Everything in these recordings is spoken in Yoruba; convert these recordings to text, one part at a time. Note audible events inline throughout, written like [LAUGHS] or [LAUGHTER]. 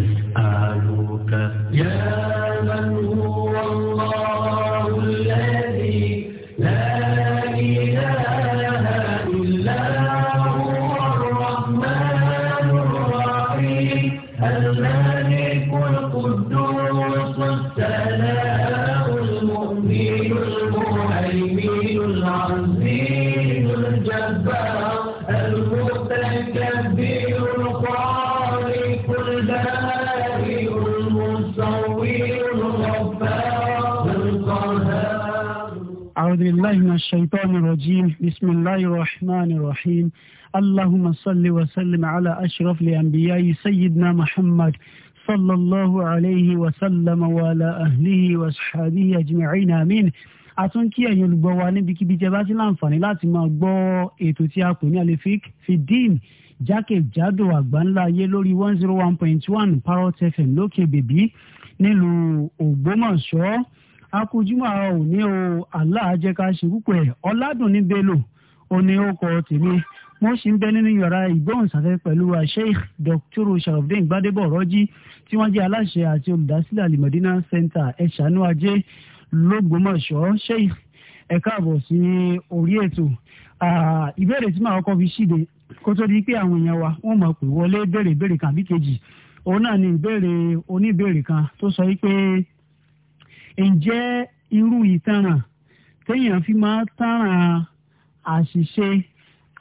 نسألك يا من هو الله الشيطان الرجيم بسم الله الرحمن الرحيم اللهم صل وسلم على أشرف الأنبياء سيدنا محمد صلى الله عليه وسلم وعلى أهله وأصحابه أجمعين آمين a tún kí ẹ̀yin olùgbọ́ wa níbikíbi tí ẹ bá ti láǹfààní láti máa gbọ́ ètò tí a pè ní alefik fidin jákèjádò àgbáńlá ayé lórí one zero one point one parrot fm lókè bèbí nílùú Ògbómọ̀ṣọ́ akójúmọ́ àwọn òní o Allah á jẹ́ ká ṣe púpọ̀ ẹ̀ ọ̀làdùnní bello òní ó kọ tèmi mo sì ń bẹ nínú yàrá ìgbóhùnsáfẹ́ pẹ̀lú sheikh dr sharafdin gbadebo ọ̀rọ́jì tí wọ́n jẹ́ aláṣẹ àti olùdásílẹ̀ alimọ̀dínà center ẹ̀ṣánú ajé lọ́gbọ́mọ̀ṣọ́ sheikh ẹ káàbọ̀ sí orí ètò ìbéèrè tí màá kọ́ fi ṣíde kó tó di pé àwọn èèyàn wa wọ́n mọ̀ pé wọlé béèrè béèrè kan bí kejì òun náà ni ìbéèrè oníbéèrè kan tó sọ wípé ǹjẹ́ irú ìtanràn téèyàn fi máa tanràn àṣìṣe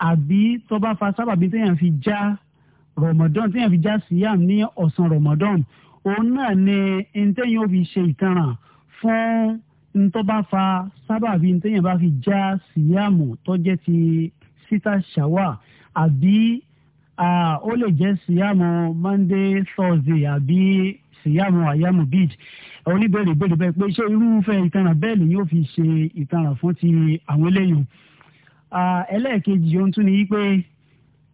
àbí tó bá fa sábàbí téèyàn fi já rọmọdán téèyàn fi já síyàm ní ọ̀sán rọmọdán òun náà ni ntẹ́yìn ó fi ṣe ìtanràn fún ntọ́ bá fa sábàbí ntẹ́yìn bá fi já síyàmù tó jẹ́ ti sítà ṣàwà àbí ó lè jẹ́ síyàmù monday thursday àbí síyàmù àyàmù bid oníbẹ̀rẹ̀ ìbéèrè bẹ́ẹ̀ pé ṣé irúfẹ́ ìtanràn bẹ́ẹ̀ ni yóò fi ṣe ìtanràn fún ti àwọn eléyìí ẹlẹ́ẹ̀kejì ohun tún ni pé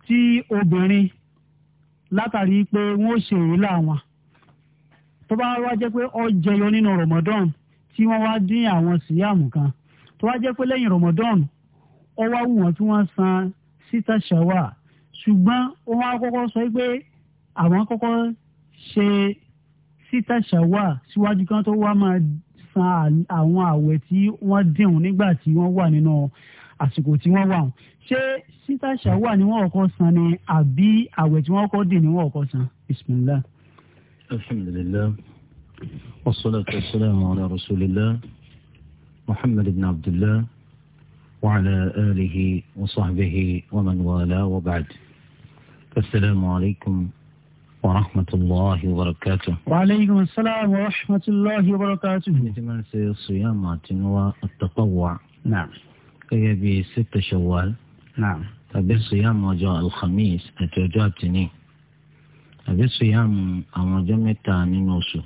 tí obìnrin látàrí pé wọ́n ṣe èélà wọn tó bá wá jẹ́ pé ó jẹyọ nínú Ramadan tí wọ́n wá dín àwọn síyàmù kan tó wá jẹ́ pé lẹ́yìn Ramadan ó wá wù wọ́n tí wọ́n san síta ṣàwà ṣùgbọ́n ó wá kọ́kọ́ sọ pé àwọn kọ́kọ́ ṣe sítàṣàwà síwájú kan tó wá máa san àwọn àwẹ̀ tí wọ́n dìhun nígbà tí wọ́n wà nínú àsìkò tí wọ́n wà hùn ṣé sítàṣàwà ni wọ́n kọ́kọ́ san ni àbí àwẹ̀ tí wọ́n kọ́ dì ni wọ́n kọ́ san bismillah. alhamdulilayi wasalaatu wasalaamu ala rasulillah muhammad ibn abdullah wa ala alihi wa sahbihi wa man wala wa ba'd. asalaamu alaykum. ورحمة الله وبركاته وعليكم السلام ورحمة الله وبركاته نتمنى الصيامات والتطوع نعم كي يبي ستة شوال نعم أبي الصيام وجاء الخميس أتوجاتني أبي الصيام أما جمتا ننوسو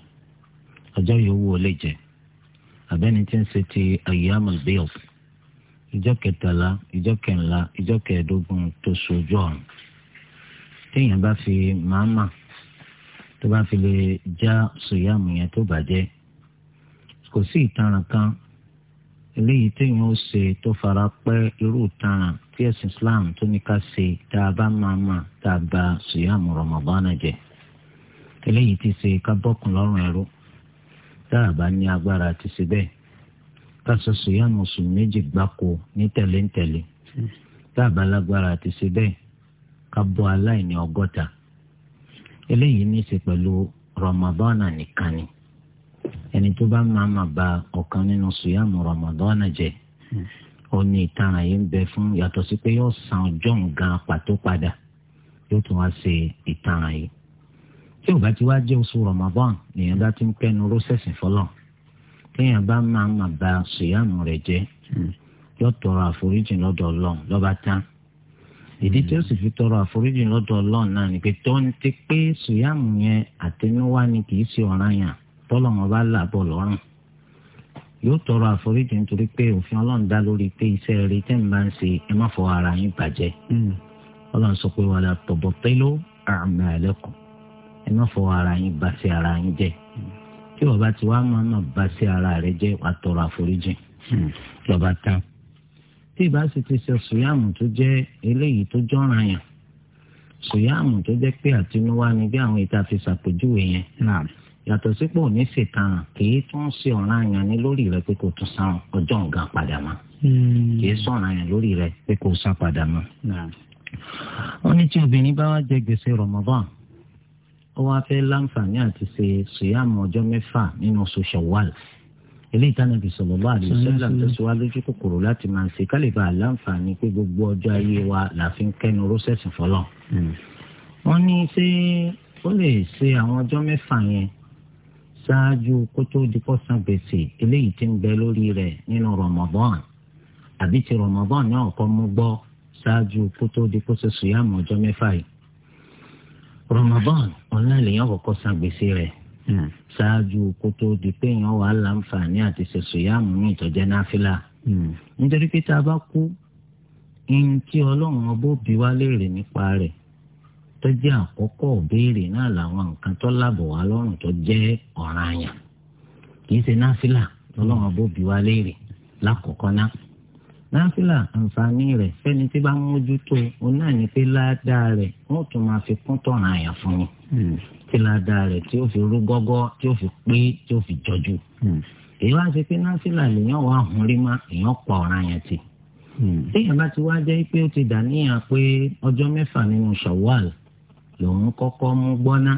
أجا يهو لجة أبي أيام البيض إجا كتلا إجا كنلا إجا كدوبن تسو جوان ماما tó bá fi lè já sòyàmù yẹn tó bàjẹ́ kò sí ìtaràn kan eléyìí téèyàn ó ṣe tó fara pẹ́ irú ìtaràn tí ẹ̀sìn Islam tó ní ká ṣe tá a bá máa mà tá a bá sòyàmù Ramadan jẹ́ eléyìí ti ṣe ká bọ́kùn lọ́rùn ẹrú tá a bá ní agbára ti ṣe bẹ́ẹ̀ ká sọ sòyàmù sùn méjì gbáko ní tẹ̀léńtẹ̀lé tá a bá lágbára ti ṣe bẹ́ẹ̀ ká bọ́ aláìní ọgọ́ta. eléyìí ní í ṣe pẹ̀lú rọmọdọ́nà nìkan ni ẹni tó bá máa ma ba ọ̀kan nínú sùyàmù rọmọdọ́nà jẹ ó ní ìtaràn yìí ń bẹ fún yàtọ̀ sí pé yóò san ọjọ́ nǹkan pàtó padà yóò tún wá ṣe ìtaràn yìí tí ò bá ti wá jẹ́ oṣù rọmọdọ́n nìyẹn bá ti ń kẹ́nu rọ́ṣẹ̀sìn bá máa ma ba jẹ yóò tọrọ àforíjì lọ́dọ̀ ọlọ́run ìdí tí ó sì fi tọrọ àforíjì lọ́dọ̀ ọlọ́run náà ni pé tó ń ti pé sùyàmù yẹn àtẹnuwá ni kì í ṣe ọ̀ranyàn tọ́lọ́mọ bá làbọ̀ lọ́rùn yóò tọrọ àforíjì nítorí pé òfin ọlọ́run dá lórí pé iṣẹ́ rẹ tẹ́ ń bá ń ṣe ẹ má fọ ara yín bàjẹ́ hmm. ọlọ́run sọ pé wàlá tọ̀bọ̀ pẹ́lú àmì àlẹ́kùn ẹ má fọ ara yín bá sí ara yín jẹ́ hmm. tí ọba tí wàá máa má bá sí ara rẹ jẹ́ wàá tọrọ àforíjì hmm. lọ́ba tán tí ìbá sì ti ṣe sùyàmù tó jẹ́ eléyìí tó jọ́ràn yàn sùyàmù tó jẹ́ pé àtinúwá ni bí àwọn ìta fi ṣàpèjúwe yẹn yàtọ̀ sípò ní ṣètàn kìí tún ṣe ọ̀ràn yàn ní lórí rẹ pé kò tún san ọjọ́ nǹkan padà mọ́ hmm. kìí sọ̀ràn yàn lórí rẹ pé kò san padà mọ́. wọ́n ní tí obìnrin bá wá jẹ gbèsè Ramadan ó wá fẹ́ láǹfààní àti ṣe sùyàmù ọjọ́ mẹ́fà nínú oṣù Shawwal eléyìí táwọn ibi sọ̀rọ̀ bá àdìyẹ sẹ́lá tẹ̀síwájú tí kòkòrò láti máa ṣe ká lè bá àlàǹfààní pé gbogbo ọjọ́ ayé wa la fi ń kẹ́nu rọ́ṣẹ̀sì fọlọ́. Hmm. wọ́n ní ṣé ó lè ṣe àwọn ọjọ́ mẹ́fà yẹn ṣáájú kó tó di kó san gbèsè eléyìí tí ń bẹ lórí rẹ̀ nínú Ramadan àbí ti Ramadan náà kọ́ mú gbọ́ ṣáájú kó tó di kó ṣe sùyàmù ọjọ́ mẹ́fà yìí Ramadan ọ̀nà lèèyàn san gbèsè rẹ̀ Hmm. ṣáájú kó tó di pé èèyàn wà á láǹfààní àti ṣẹṣọ yáàmù ní ìtọ́jẹ́ náfìlà. Hmm. nítorí pé tá a bá kú ihun tí ọlọ́run ọbọ̀ bí wá léèrè nípa rẹ̀ tó jẹ́ àkọ́kọ́ òbéèrè náà làwọn nǹkan tó lábọ̀ wá lọ́rùn tó jẹ́ kì í ṣe náfìlà ọlọ́run hmm. ọbọ̀ bí wá léèrè lákọ̀ọ́kọ́ náà náfìlà àǹfààní rẹ̀ fẹ́ni tí bá mójútó òun náà ní pé ládàá rẹ̀ fi kún tọ̀ràn àyàn kí ládàá rẹ̀ tí ó fi rú gọ́gọ́ tí ó fi pé tí ó fi jọjú. Hmm. èyí wá ṣe pé násìlà lèèyàn wà hùn rí má èèyàn pa ọ̀ràn yẹn ti. Hmm. téèyàn bá ti wá jẹ́ pé ó ti dà níyàn pé ọjọ́ mẹ́fà nínú Shawwal lòun kọ́kọ́ mú gbọ́ná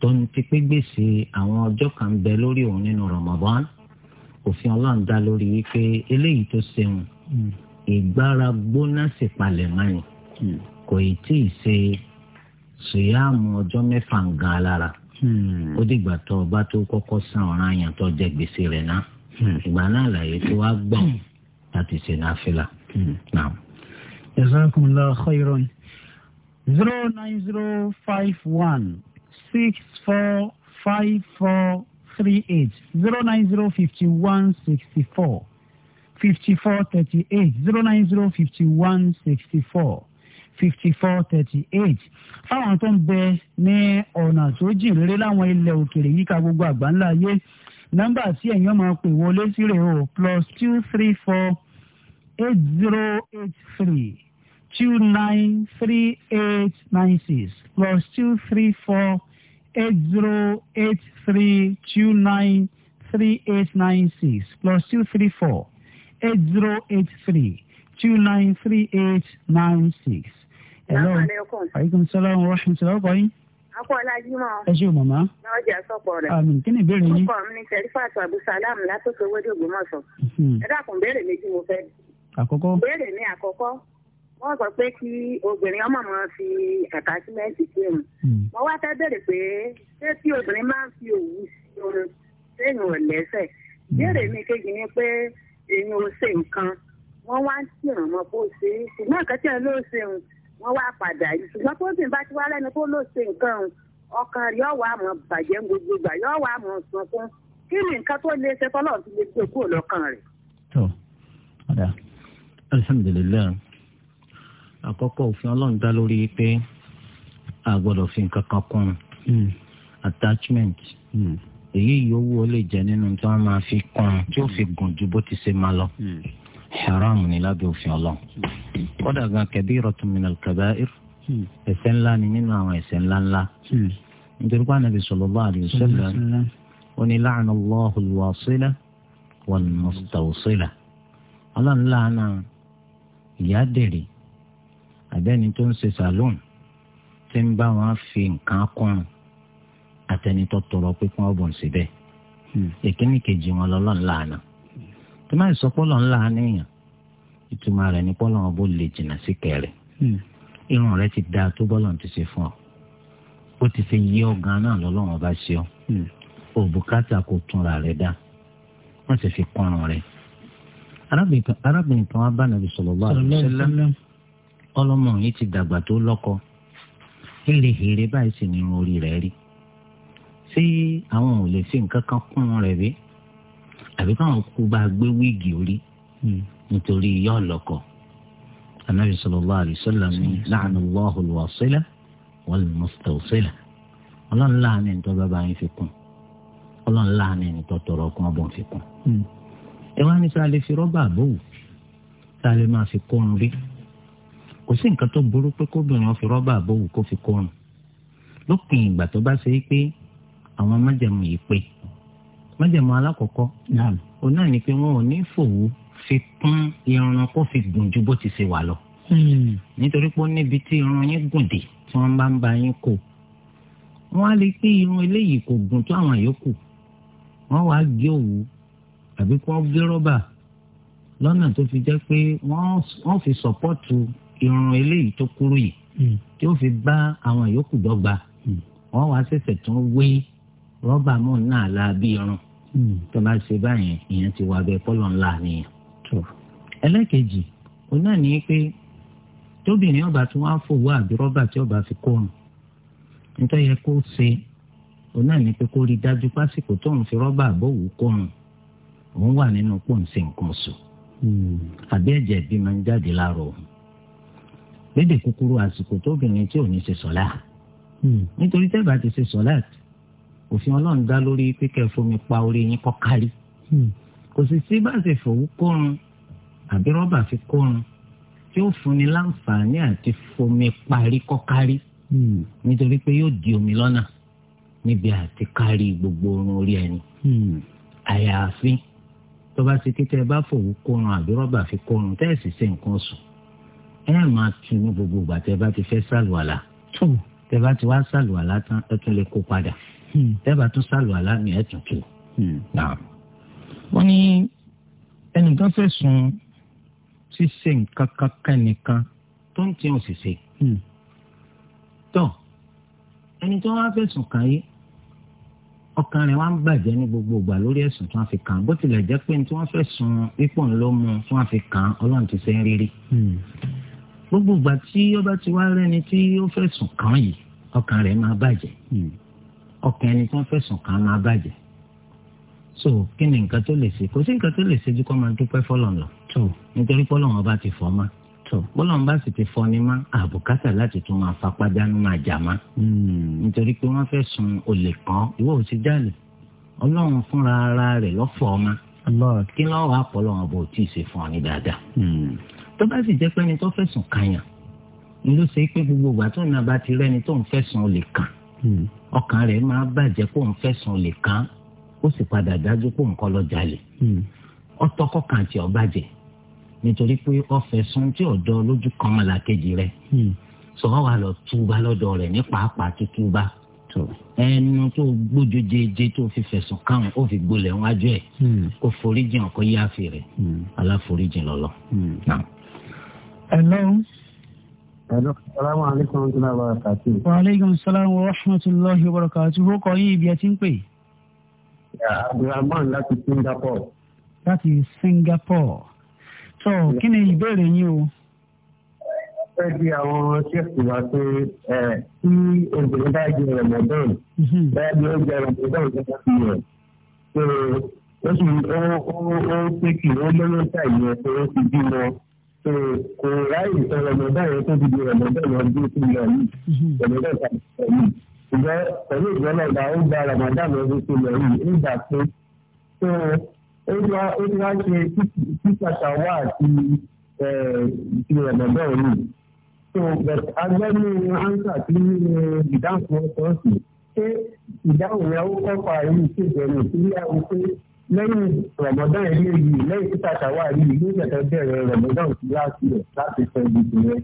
tó ń ti pé gbèsè àwọn ọjọ́ kan bẹ lórí òun nínú Ramadan òfin ọlọ́run dá lórí wípé eléyìí tó ṣeun hmm. ìgbára gbóná sì palẹ̀ mọ́ni kò ì tí ì ṣe sèyáàmù ọjọ́ mẹ́fà ń gan alára hmm. ó dìgbà tó o bá tó kọ́kọ́ san ọ̀ràn àyàn tó jẹ́ gbèsè rẹ̀ náà hmm. ìgbà náà làyè tó wá gbọ̀n láti ṣe náfìlà. Hmm. jazakumullahu khairan zero nine zero five one six four five four three eight zero nine zero fifty one sixty four fifty four thirty eight zero nine zero fifty one sixty four fifty four thirty eight fáwọn tó ń bẹ ní ọ̀nà tó jìn rere láwọn ilẹ̀ òkèrè yíká gbogbo àgbáńlá ayé nọ́mbà tí ẹ̀yin máa pè wọlé sí rẹ̀ o plus two three four eight zero eight three two nine three eight nine six plus two three four eight zero eight three two nine three eight nine six plus two three four eight zero eight three two nine three eight nine six. Hello. Aleykum salaam wa rahmatulah ọkọ yín. Akọ́lá Jímọ̀. Ẹ ṣe màmá. Náà ọjà sọ̀pọ̀ rẹ̀. Àmì kí ni ìbéèrè yín? Ọkọ mi ni Sẹ́rífàtù Abdulsalam látòkè Wédè Ògbómọ̀ṣọ́. Hmm. Ẹ dákun béèrè méjì mo fẹ́. Àkọ́kọ́. Béèrè ní àkọ́kọ́. Wọ́n sọ pé kí obìnrin ọmọ máa fi kàkà símẹ́ǹtì sí òun. Hmm. Mo wá fẹ́ béèrè pé ṣé tí obìnrin máa ń fi òwú sí òun sẹ́yìn ò lẹ́sẹ̀. Hmm. Béèrè mi kejì ni pé èyí ò ṣe nǹkan. Wọ́n wá ń tì wọ́n wá padà yìí ṣùgbọ́n tó sì ń bá ti wá lẹ́nu tó ló ṣe nǹkan ọkàn rẹ̀ yóò wá mọ̀ bàjẹ́ gbogbo ìgbà yóò wá mọ̀ sunkún kí ni nǹkan tó lè ṣe tọ́lọ̀ fi lè gbé kúrò lọ́kàn rẹ̀. tó ọ̀dà alhamdulilayi àkọ́kọ́ òfin ọlọ́run dá lórí pé a gbọ́dọ̀ fi nǹkan kan kún hmm. attachment hmm. èyí yòówù ó lè jẹ́ nínú tí wọ́n máa fi kún tí ó fi gùn ju bó ti ṣe máa lọ hmm. haram ni lábẹ́ òfin ọlọ́run kódà gan kabiratun minal kabair hmm. ẹ̀ṣẹ̀ ńlá ni nínú àwọn ẹ̀ṣẹ̀ ńlá ńlá hmm. nítorí pé ànábì sallallahu alayhi wa sallam ó ní la'ana Allahu al-wasila wal-mustawsila ọlọ́run láàánà ìyá dèrè àbẹ́ni tó ń ṣe sàlóun tí ń bá wọn fi nǹkan kún àtẹnitọ́ tọrọ pé kí wọ́n bọ̀ hmm. kejì wọn lọ́lọ́run láàánà tó máa ń sọ pé ọlọ́run láàánà èèyàn ìtumọ̀ rẹ̀ ní pọ́lọ́ wọn bó lè jìnnà sí kẹrẹ̀ hmm. irun rẹ̀ ti dáa tó bọ́lọ̀ ti ṣe fún ọ ó ti ṣe yí ọ gan náà lọ́lọ́wọ́n bá ṣe ọ òbúkátà hmm. kò túnra rẹ̀ dá wọ́n sì fi kọ́run rẹ̀ arábìnrin kan wá bá nàbì sallallahu alaihi wasallam ọlọ́mọ yìí ti dàgbà tó lọ́kọ hérehère báyìí sì nínú orí rẹ̀ rí ṣé àwọn ò lè fi nǹkan kan kún un rẹ̀ bí àbí káwọn kú bá gbé wíìgì orí hmm nítorí yọ ọlọkọ anabi sallallahu alaihi wasallam ní la'ana Allahu al-wasila wal-mustawsila Ọlọ́run láàánú ẹni tó bá bá yín fi kún Ọlọ́run láàánú ẹni tó tọrọ ọkùn ọbọ fi kún. Hmm. ẹ wá ní sáà lè fi rọ́bà bòwò sáà lè máa fi kórun rí kò sí nǹkan tó burú pé kóbìnrin ó fi rọ́bà bòwò kó fi kórun lópin ìgbà tó bá ṣe é pé àwọn májẹ̀mú yìí pé májẹ̀mú alákọ̀ọ́kọ́ òun náà ni pé wọn ò ní fòwú fi kún irun kó fi gùn ju bó ti ṣe wà lọ. Hmm. nítorí pé ó níbi tí irun yín gùn dé tí wọ́n bá ń ba yín kó wọ́n á lè pé irun eléyìí kò gùn tó àwọn yòókù wọ́n wàá gé òwú àbí kí wọ́n gé rọ́bà lọ́nà tó fi jẹ́ pé wọ́n fi sọ́pọ́tù irun eléyìí tó kúrú yìí hmm. tí ó fi bá àwọn yòókù dọ́gba hmm. wọ́n wàá ṣẹ̀ṣẹ̀ tún wé rọ́bà mọ́ náà irun tó bá ṣe báyìí ìyẹn ti wà bẹ́ẹ̀ kọ́lọ̀ ńlá nìyẹn ẹlẹ́kejì òun náà ní pé tóbìnrin ọba tí wọ́n á fòwò àbí rọ́bà tí ọba fi kó ọrùn nítorí yẹ kó ṣe òun náà ní pé kó rí dájú pásìkò tóun fi rọ́bà àbòwò kó ọrùn òun wà nínú pòǹsì nǹkan sùn hmm. àbí ẹ̀jẹ̀ bí máa ń jáde láàárọ̀ òun lédè kúkúrú àsìkò tóbìnrin tí ò ní ṣe sọ̀lá hmm. nítorí tẹ́gbà ti ṣe sọ̀lá òfin ọlọ́run dá lórí pé kẹ́ fomi pa orí yín kọ́ kárí hmm kò sì sí bá ṣe fòwú kórun àbí rọ́bà fi kórun tí ó fúnni láǹfààní àti fomi parí kọ́kárí hmm. nítorí pé yóò di omi lọ́nà níbi àti kárí gbogbo orun orí ẹni. Hmm. àyàfi tó bá ti kíkẹ́ bá fòwú kórun àbí rọ́bà fi kórun tẹ́ ẹ̀ sì ṣe nǹkan sùn ẹ máa tu ní gbogbo ìgbà tẹ́ bá ti fẹ́ sàlùwàlà tẹ́ bá ti wá sàlùwàlà tán ẹ tún lè kó padà hmm. tẹ́ bá tún sàlùwàlà mi ẹ tún tù wọ́n ní ẹnìkan fẹ̀sùn ṣíṣe nǹkan kankan nìkan tó ń tiẹ̀ òṣìṣẹ́ hmm. tó ẹni tó wá fẹ̀sùn kàn yìí ọkàn rẹ̀ wá ń bàjẹ́ ní gbogbo ìgbà lórí ẹ̀sùn tí wọ́n fi kàn án bó tilẹ̀ jẹ́ pé tí wọ́n fẹ̀sùn pípọ̀ ńlọ mu tí wọ́n fi kàn án ọlọ́run ti ṣe ń rírí. Hmm. gbogbo ìgbà tí ó bá ti wá rẹ́ni tí ó fẹ̀sùn kàn yìí ọkàn rẹ̀ máa bàjẹ́ hmm. ọkàn ẹni tí wọ́n fẹ̀sùn kàn máa bàjẹ́ so kí ni nǹkan tó lè ṣe kò sí nǹkan tó lè ṣe ju kó máa dúpẹ́ fọlọ́n lọ nítorí pọ́lọ́n ọba ti fọ́ ma bọ́lọ́n bá sì ti fọ́ ni ma àbùkátà láti tún máa fapá dánú máa jà má hmm. nítorí pé wọ́n fẹ́ sun olè kan ìwọ ò ti jáde ọlọ́run fúnra ara rẹ̀ lọ́fọ̀ ọma kí lọ́wọ́ àpọ̀lọ́ ọba ò tí ì ṣe fún ọ ní dáadáa hmm. tó bá sì jẹ́ pé ẹni tó fẹ̀sùn kàyàn ni ló ṣe pé gbogbo ìgbà tó ń nàbà ti rẹ́ni tó ń fẹ̀sùn olè kàn hmm. ọkàn rẹ̀ máa bàjẹ́ kó ń fẹ̀sùn olè kàn ó sì padà dájú pé nǹkan lọ jalè hmm. ọtọkọ kan tí ọba jẹ nítorí pé ọfẹ sún tí ọdọ lójú kan mọ làkejì rẹ hmm. sọ wà lọ túba lọ́dọ̀ rẹ ní pàápàá tútúba ẹnu tó gbójú jẹjẹ tó fi fẹ̀sùn kàn ó fi gbolẹ̀ wájú ẹ hmm. kó foríjìn ọkọ yá fi rẹ aláforíjìn lọlọ. ẹ̀lọ́. Ẹ̀lọ́ salamu alaykum wa rahmatulahi wa barakatuh. Wa aleykum salaam wa rahmatulahi wa barakatuh. Ó kọ yín ibi ẹ ti ń pè é abdulrahman láti singapore. láti singapore tó kí ni ìbéèrè yín o. fẹ́ bí àwọn ṣẹ́ẹ̀kì wa pé tí obìnrin bá jẹ ramadan mhm. bẹ́ẹ̀ ni ó jẹ ramadan gẹ́gẹ́ bí rẹ̀ pé ó sì ó ó tẹ́kì ó lọ́wọ́ ṣáà yẹn pé ó ti bímọ pé kò ráyè sọ ramadan yẹn tó ti di ramadan yẹn bí ó ti lọ yìí mhm. ramadan tàbí sọ yìí ṣùgbọ́n pẹ̀lú ìgbọ́nà ìgbà ó gba ramadan ọdún tó lọ yìí nígbà pé tó ó ti wá ó ti wá ṣe títàṣà wá àti ti ramadan yìí tó but agbẹ́nu ansa tí ìdáhùn wọn sọ sí ṣé ìdáhùn yẹn ó kọ́kọ́ àìrí ìṣèjọba ìpínlẹ̀ àwùjọ lẹ́yìn ramadan ilé yìí lẹ́yìn títàṣà wá yìí ló ṣẹ̀ṣẹ̀ bẹ̀rẹ̀ ramadan sí láti rẹ̀ láti sọ ibi ìpínlẹ̀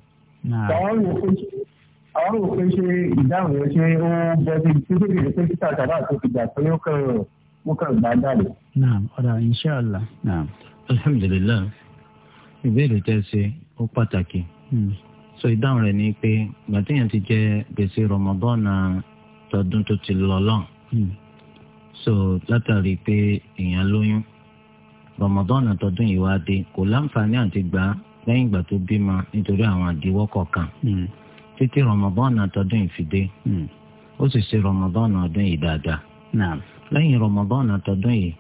àwọn rò pé ṣé ìdáhùn rẹ ṣé ó bọ́sí títí kìí pé títà tàbá tó ti gbà pé ó kàn ó kàn gbà dàlẹ̀. naam ọ̀dà inṣàlá naam. alhamdulillah ìbéèrè tẹ́ ṣe ó pàtàkì hmm. so ìdáhùn rẹ ni pé gbàtíyàn ti jẹ gbèsè rọmọbọ́ọ̀nà tọdún tó ti lọ lọ́n hmm. so látàrí pé èèyàn lóyún rọmọbọ́ọ̀nà tọdún yìí wá dé kò láǹfààní àti gbà lẹ́yìn ìgbà tó bímọ nítorí àwọn àdíwọ́ kọ̀ọ̀kan. Mm. títí rọmọbọ́ọ̀nù àtọ́dún ìfìdé hmm. ó sì ṣe rọmọbọ́ọ̀nù ọdún yìí dáadáa. lẹ́yìn rọmọbọ́ọ̀nù tọdún yìí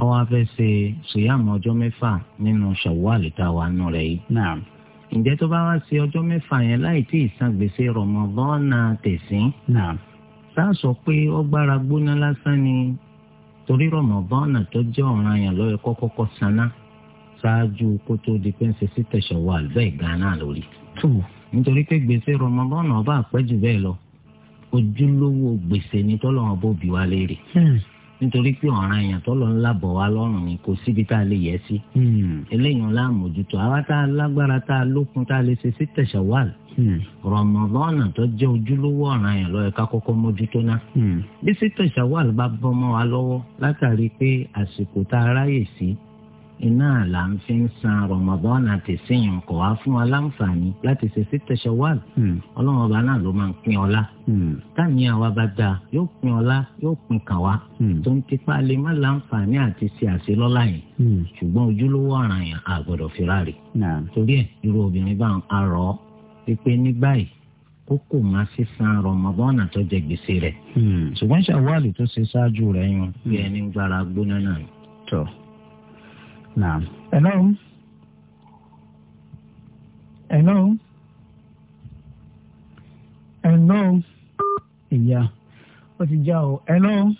ọwọ́ afẹ́ ṣe ṣùyàmù ọjọ́ mẹ́fà nínú ṣàwọ́ọ̀lì tá a wà nù rẹ̀ yìí. ǹjẹ́ tó bá wá sí ọjọ́ mẹ́fà yẹn láì tí sọ pé ó gbára gbóná lásán ni torí tó jẹ́ ọ̀ràn yẹn ṣáájú kó tó di sí tẹ̀sán nítorí pé gbèsè rọmọbọ́nà ọba àpẹ́jù bẹ́ẹ̀ lọ ojúlówó gbèsè ni tọ́lọ́wọ́n bó bí wa léèrè hmm. nítorí pé ọ̀ràn èèyàn tọ́lọ́ ńlá bọ̀ wá lọ́rùn ni kò síbi tá a lè yẹ sí hmm. eléyìí ńlá àmójútó àwa tá a lágbára tá a lókun tá a lè ṣe sí tẹ̀sán hmm. rọmọbọ́nà tó jẹ́ ojúlówó ọ̀ràn yẹn lọ́yẹ̀ ká kọ́kọ́ mójútó ná. bí sítọ̀ ìṣàwọ̀ àlùbá bọ́mọ wa lọ́wọ́ látàrí pé àsìkò tá a ráyè sí iná là ń fi ń san Ramadan àti sẹ́yìn kọ̀ wá fún alamfani lati láti ṣe sí tẹ̀sẹ̀wáàlì. Hmm. ọlọ́run ọba náà ló máa ń pín ọlá. Hmm. táàní àwa bá dáa yóò pín ọlá yóò pín kàn hmm. tó ń tipa lè má láǹfààní àti ṣe àṣelọ́lá yẹn. ṣùgbọ́n ojúlówó ọ̀ràn yẹn a gbọ́dọ̀ fi ráre. torí ẹ̀ irú obìnrin bá ń pípé ní báyìí san àtọ́ jẹ gbèsè rẹ̀. ṣùgbọ́n Naam. Hello. Hello. Hello. Ìyá ó ti já o. Hello.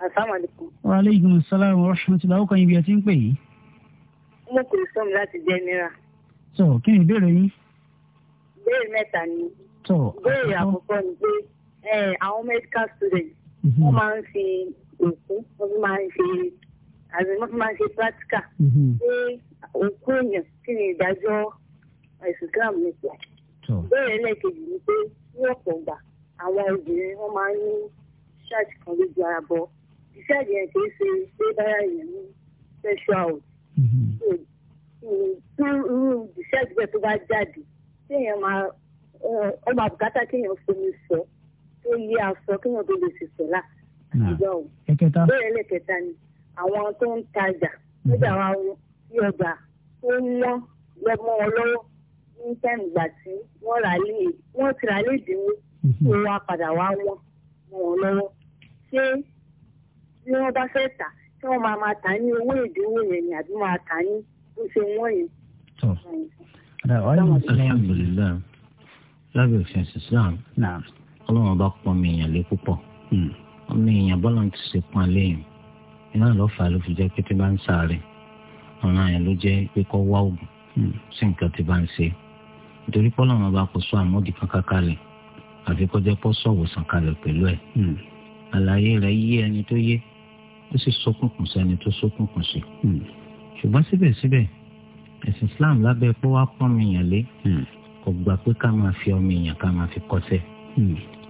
Asalaamualeykum. Wa aleykum salaam wa rahmatulah. Ó kàn yín bí ẹ ti ń pè yìí. Mo kò sọ mi láti jẹ náírà. Sọ kí ni ìbéèrè yín? Ìbéèrè mẹ́ta ni. Sọ ìbéèrè àkọ́kọ́ ni pé eh, àwọn medical students mhm. wọ́n máa ń fi òkú wọ́n máa ń fi àbí wọ́n máa ń ṣe practical mhm. pé òkú èèyàn kí ni ìdájọ́ Islam nípa. bẹ́ẹ̀ lẹ́ẹ̀kejì ni pé ní ọ̀pọ̀ ìgbà àwọn obìnrin wọ́n máa ń ní ṣáàtì kan lójú ara bọ́ iṣẹ́ yẹn kì í ṣe pé báyà yẹn ní sexual tí mhm. irú ìṣẹ́jú bẹ́ẹ̀ tó bá jáde kéèyàn máa ọ máa bùkátà kéèyàn fomi sọ tó yé aṣọ kéèyàn tó lè ṣèṣọ́ là. ẹ̀kẹta bẹ́ẹ̀ lẹ́kẹta ni àwọn tó ń tajà mhm. nígbà wa tí ọjà tó wọ́n lọ́mọ wọn lọ́wọ́ ní tẹ́ǹ gbà tí wọ́n rà lé wọ́n ti rà lé ìdínwó tí wọ́n wá padà wá wọ́n mọ́ wọn lọ́wọ́ ṣé bí wọ́n bá fẹ́ tà ṣé wọ́n máa máa tà ní owó ìdínwó yẹn ni àbí máa tà ní bó ṣe wọ́n yẹn. alhamdulilayi lábẹ́ òfin islam ọlọ́run bá pọ́n mi èèyàn lé púpọ̀ hmm. ọmọ èèyàn bọ́lá ti ṣe pọ́n léyìn iná lọ fà ló fi jẹ́ pé tí bá ń sáré ọ̀nà yẹn ló jẹ́ pé kọ́ wá ògùn hmm. sí nǹkan tí bá ń ṣe nítorí pọ́lọ́ wọn bá kó sọ àmọ́dì kankan kalẹ̀ àfi kọjá pọ́ sọ̀wọ́sàn kalẹ̀ pẹ̀lú ẹ̀ hmm. àlàyé rẹ̀ yé ẹni tó yé ó sì sókùnkùn sí ẹni tó sókùnkùn sí hmm. ṣùgbọ́n síbẹ̀síbẹ̀ ẹ̀sìn Islam lábẹ́ pọ́ wá pọ́n mi yàn lé kò gbà pé ká máa fi ọmọ èèyàn ká máa fi kọ́sẹ̀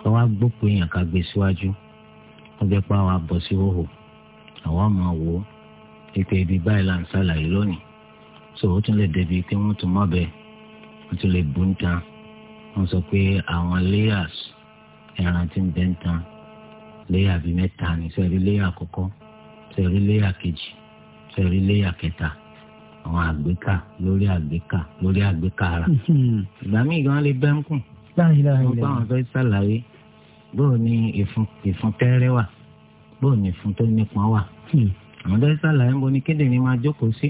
kọ́ wá gbópo èèyàn ká gbé síwájú ọjọ́ pa àwọn abọ̀ sí hóhò àwa máa wò ó pípé ibi báyìí là ń ṣàlàyé lónìí so ó tún lè débi pé wọ́n tún mọ́ bẹ́ẹ̀ wọ́n tún lè bú ń ta wọ́n sọ pé àwọn layers ẹran tí ń bẹ́ ń ta layer bíi mẹ́ta ní sẹ́rí layer àkọ́kọ́ sẹ́rí layer kejì sẹ́rí layer kẹta àwọn àgbéká lórí àgbéká lórí àgbéká ara hmm. ìgbà míì gan lè bẹ́ ń kùn wọ́n bá wọn fẹ́ ṣàlàyé bóò ni ìfun tẹ́rẹ́ wà bóò ní fún tó nípọn wà. Hmm. àwọn dókítà làyẹ̀ ń bọ ní kíndìnrín máa jókòó sí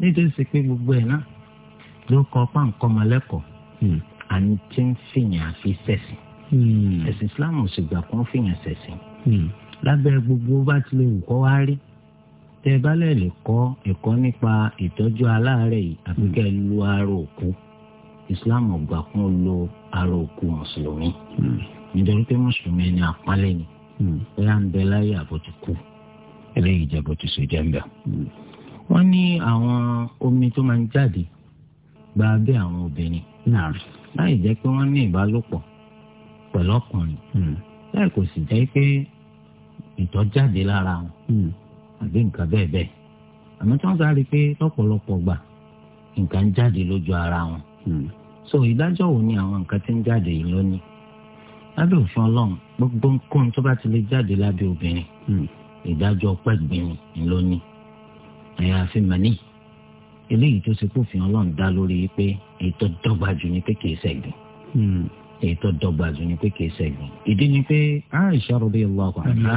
nítorí sí pé gbogbo ẹ̀ náà ló kọ páńkọ́ mọ́lẹ́kọ̀ọ́ hmm. àní tí ń fìyàn àfi sẹ̀sìn hmm. ẹ̀sìn Islam ò sì gbà kó ń fìyàn sẹ̀sìn lábẹ́ gbogbo bá ti lè wù kọ́ wá rí tẹ ẹ bá lẹ̀ lè kọ́ ẹ̀kọ́ nípa ìtọ́jú aláàárẹ̀ yìí àfi kẹ́ ẹ lu ara òkú Islam ò gbà kó lo ara òkú mùsùlùmí nítorí pé mùsùlùmí ẹni àpọ́nlé ni bóyá ń bẹ láyé àbò ti eléyìí bó ti ṣe hmm. ní àwọn omi tó máa ń jáde gba abẹ́ àwọn obìnrin láì jẹ́ pé ní ìbálòpọ̀ pẹ̀lú ọkùnrin hmm. bẹ́ẹ̀ kò sì jẹ́ pé jáde lára wọn hmm. àbí nǹkan bẹ́ẹ̀ bẹ́ẹ̀ àmọ́ tí pé lọpọlọpọ gbà nǹkan ń jáde ara wọn. so ìdájọ́ ni àwọn nǹkan ti ń jáde yìí lónìí lábẹ́ òfin ọlọ́run gbogbo nǹkan tó bá ti lè jáde lábẹ́ obìnrin hmm. ìdájọ́ pẹ̀gbin ló ní àyàfi mani eléyìí tó ṣe kófin ọlọ́run dá lórí pé ètò dọ́gba jù ni pé kìí ṣẹ̀gbin hmm. ètò dọ́gba jù ni pé kìí ṣẹ̀gbin ìdí ni pé Aisha radiyallahu anha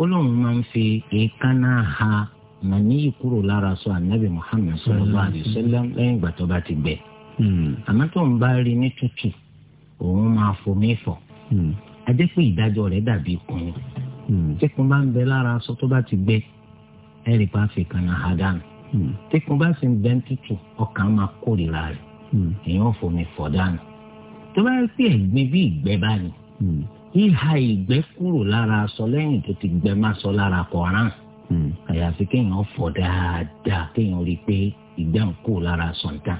ó lóun máa ń fi èékánná ha mani kúrò lára sọ anabi Muhammad sallallahu alayhi wa sallam hmm. lẹ́yìn ìgbà tó bá ti gbẹ àmọ́ tó ń bá rí ní tútù òun máa fomi fọ̀ ajẹ́ pé ìdájọ́ rẹ̀ dàbí ìkùn hmm. tíkun bá ń bẹ lára aṣọ tó bá ti gbẹ ẹ̀rì pa fìkan náà ha dànù hmm. tíkun bá sì ń bẹ tútù ọkàn máa kórìíra rẹ̀ hmm. èèyàn fòmí fọ̀ dànù tó bá yẹ pé ẹ̀gbin bí ìgbẹ́ bá ní ìhà ìgbẹ́ kúrò lára aṣọ lẹ́yìn tó ti gbẹ má sọ lára kọ̀ọ̀ràn àyàfi kéèyàn fọ̀ dáadáa kéèyàn rí i pé ìgbẹ́ ń kúrò lára aṣọ nǹkan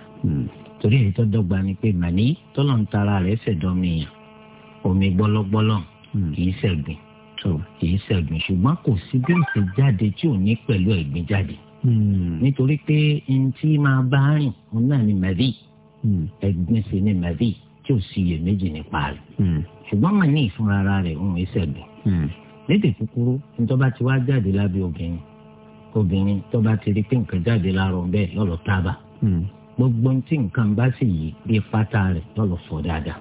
torí èyí tó dọ́gba ni pé màní tọ́lọ̀ rẹ̀ fẹ̀dọ́ mi omi gbọ́lọ́gbọ́lọ́ hmm. kìí ṣẹ̀gbìn tó kìí ṣẹ̀gbìn ṣùgbọ́n kò sí bí òsè jáde tí ò ní pẹ̀lú ẹ̀gbin jáde hmm. nítorí pé n tí máa bá rìn òun náà ni mẹ́rì hmm. ẹ̀gbin sì ni mẹ́rì tí ò sí iyèméjì nípa rẹ̀ ṣùgbọ́n mà ní ìfúnra rẹ̀ òun ìṣẹ̀gbìn lédè kúkúrú nítorí tí wàá jáde lábẹ́ obìnrin obìnrin tó bá ti rí pé nǹkan jáde lára ọ̀bẹ lọ́lọ́ tábà gbogbo tí nǹkan bá sì yí bí pátá rẹ̀ lọ́lọ́ fọ̀ dáadáa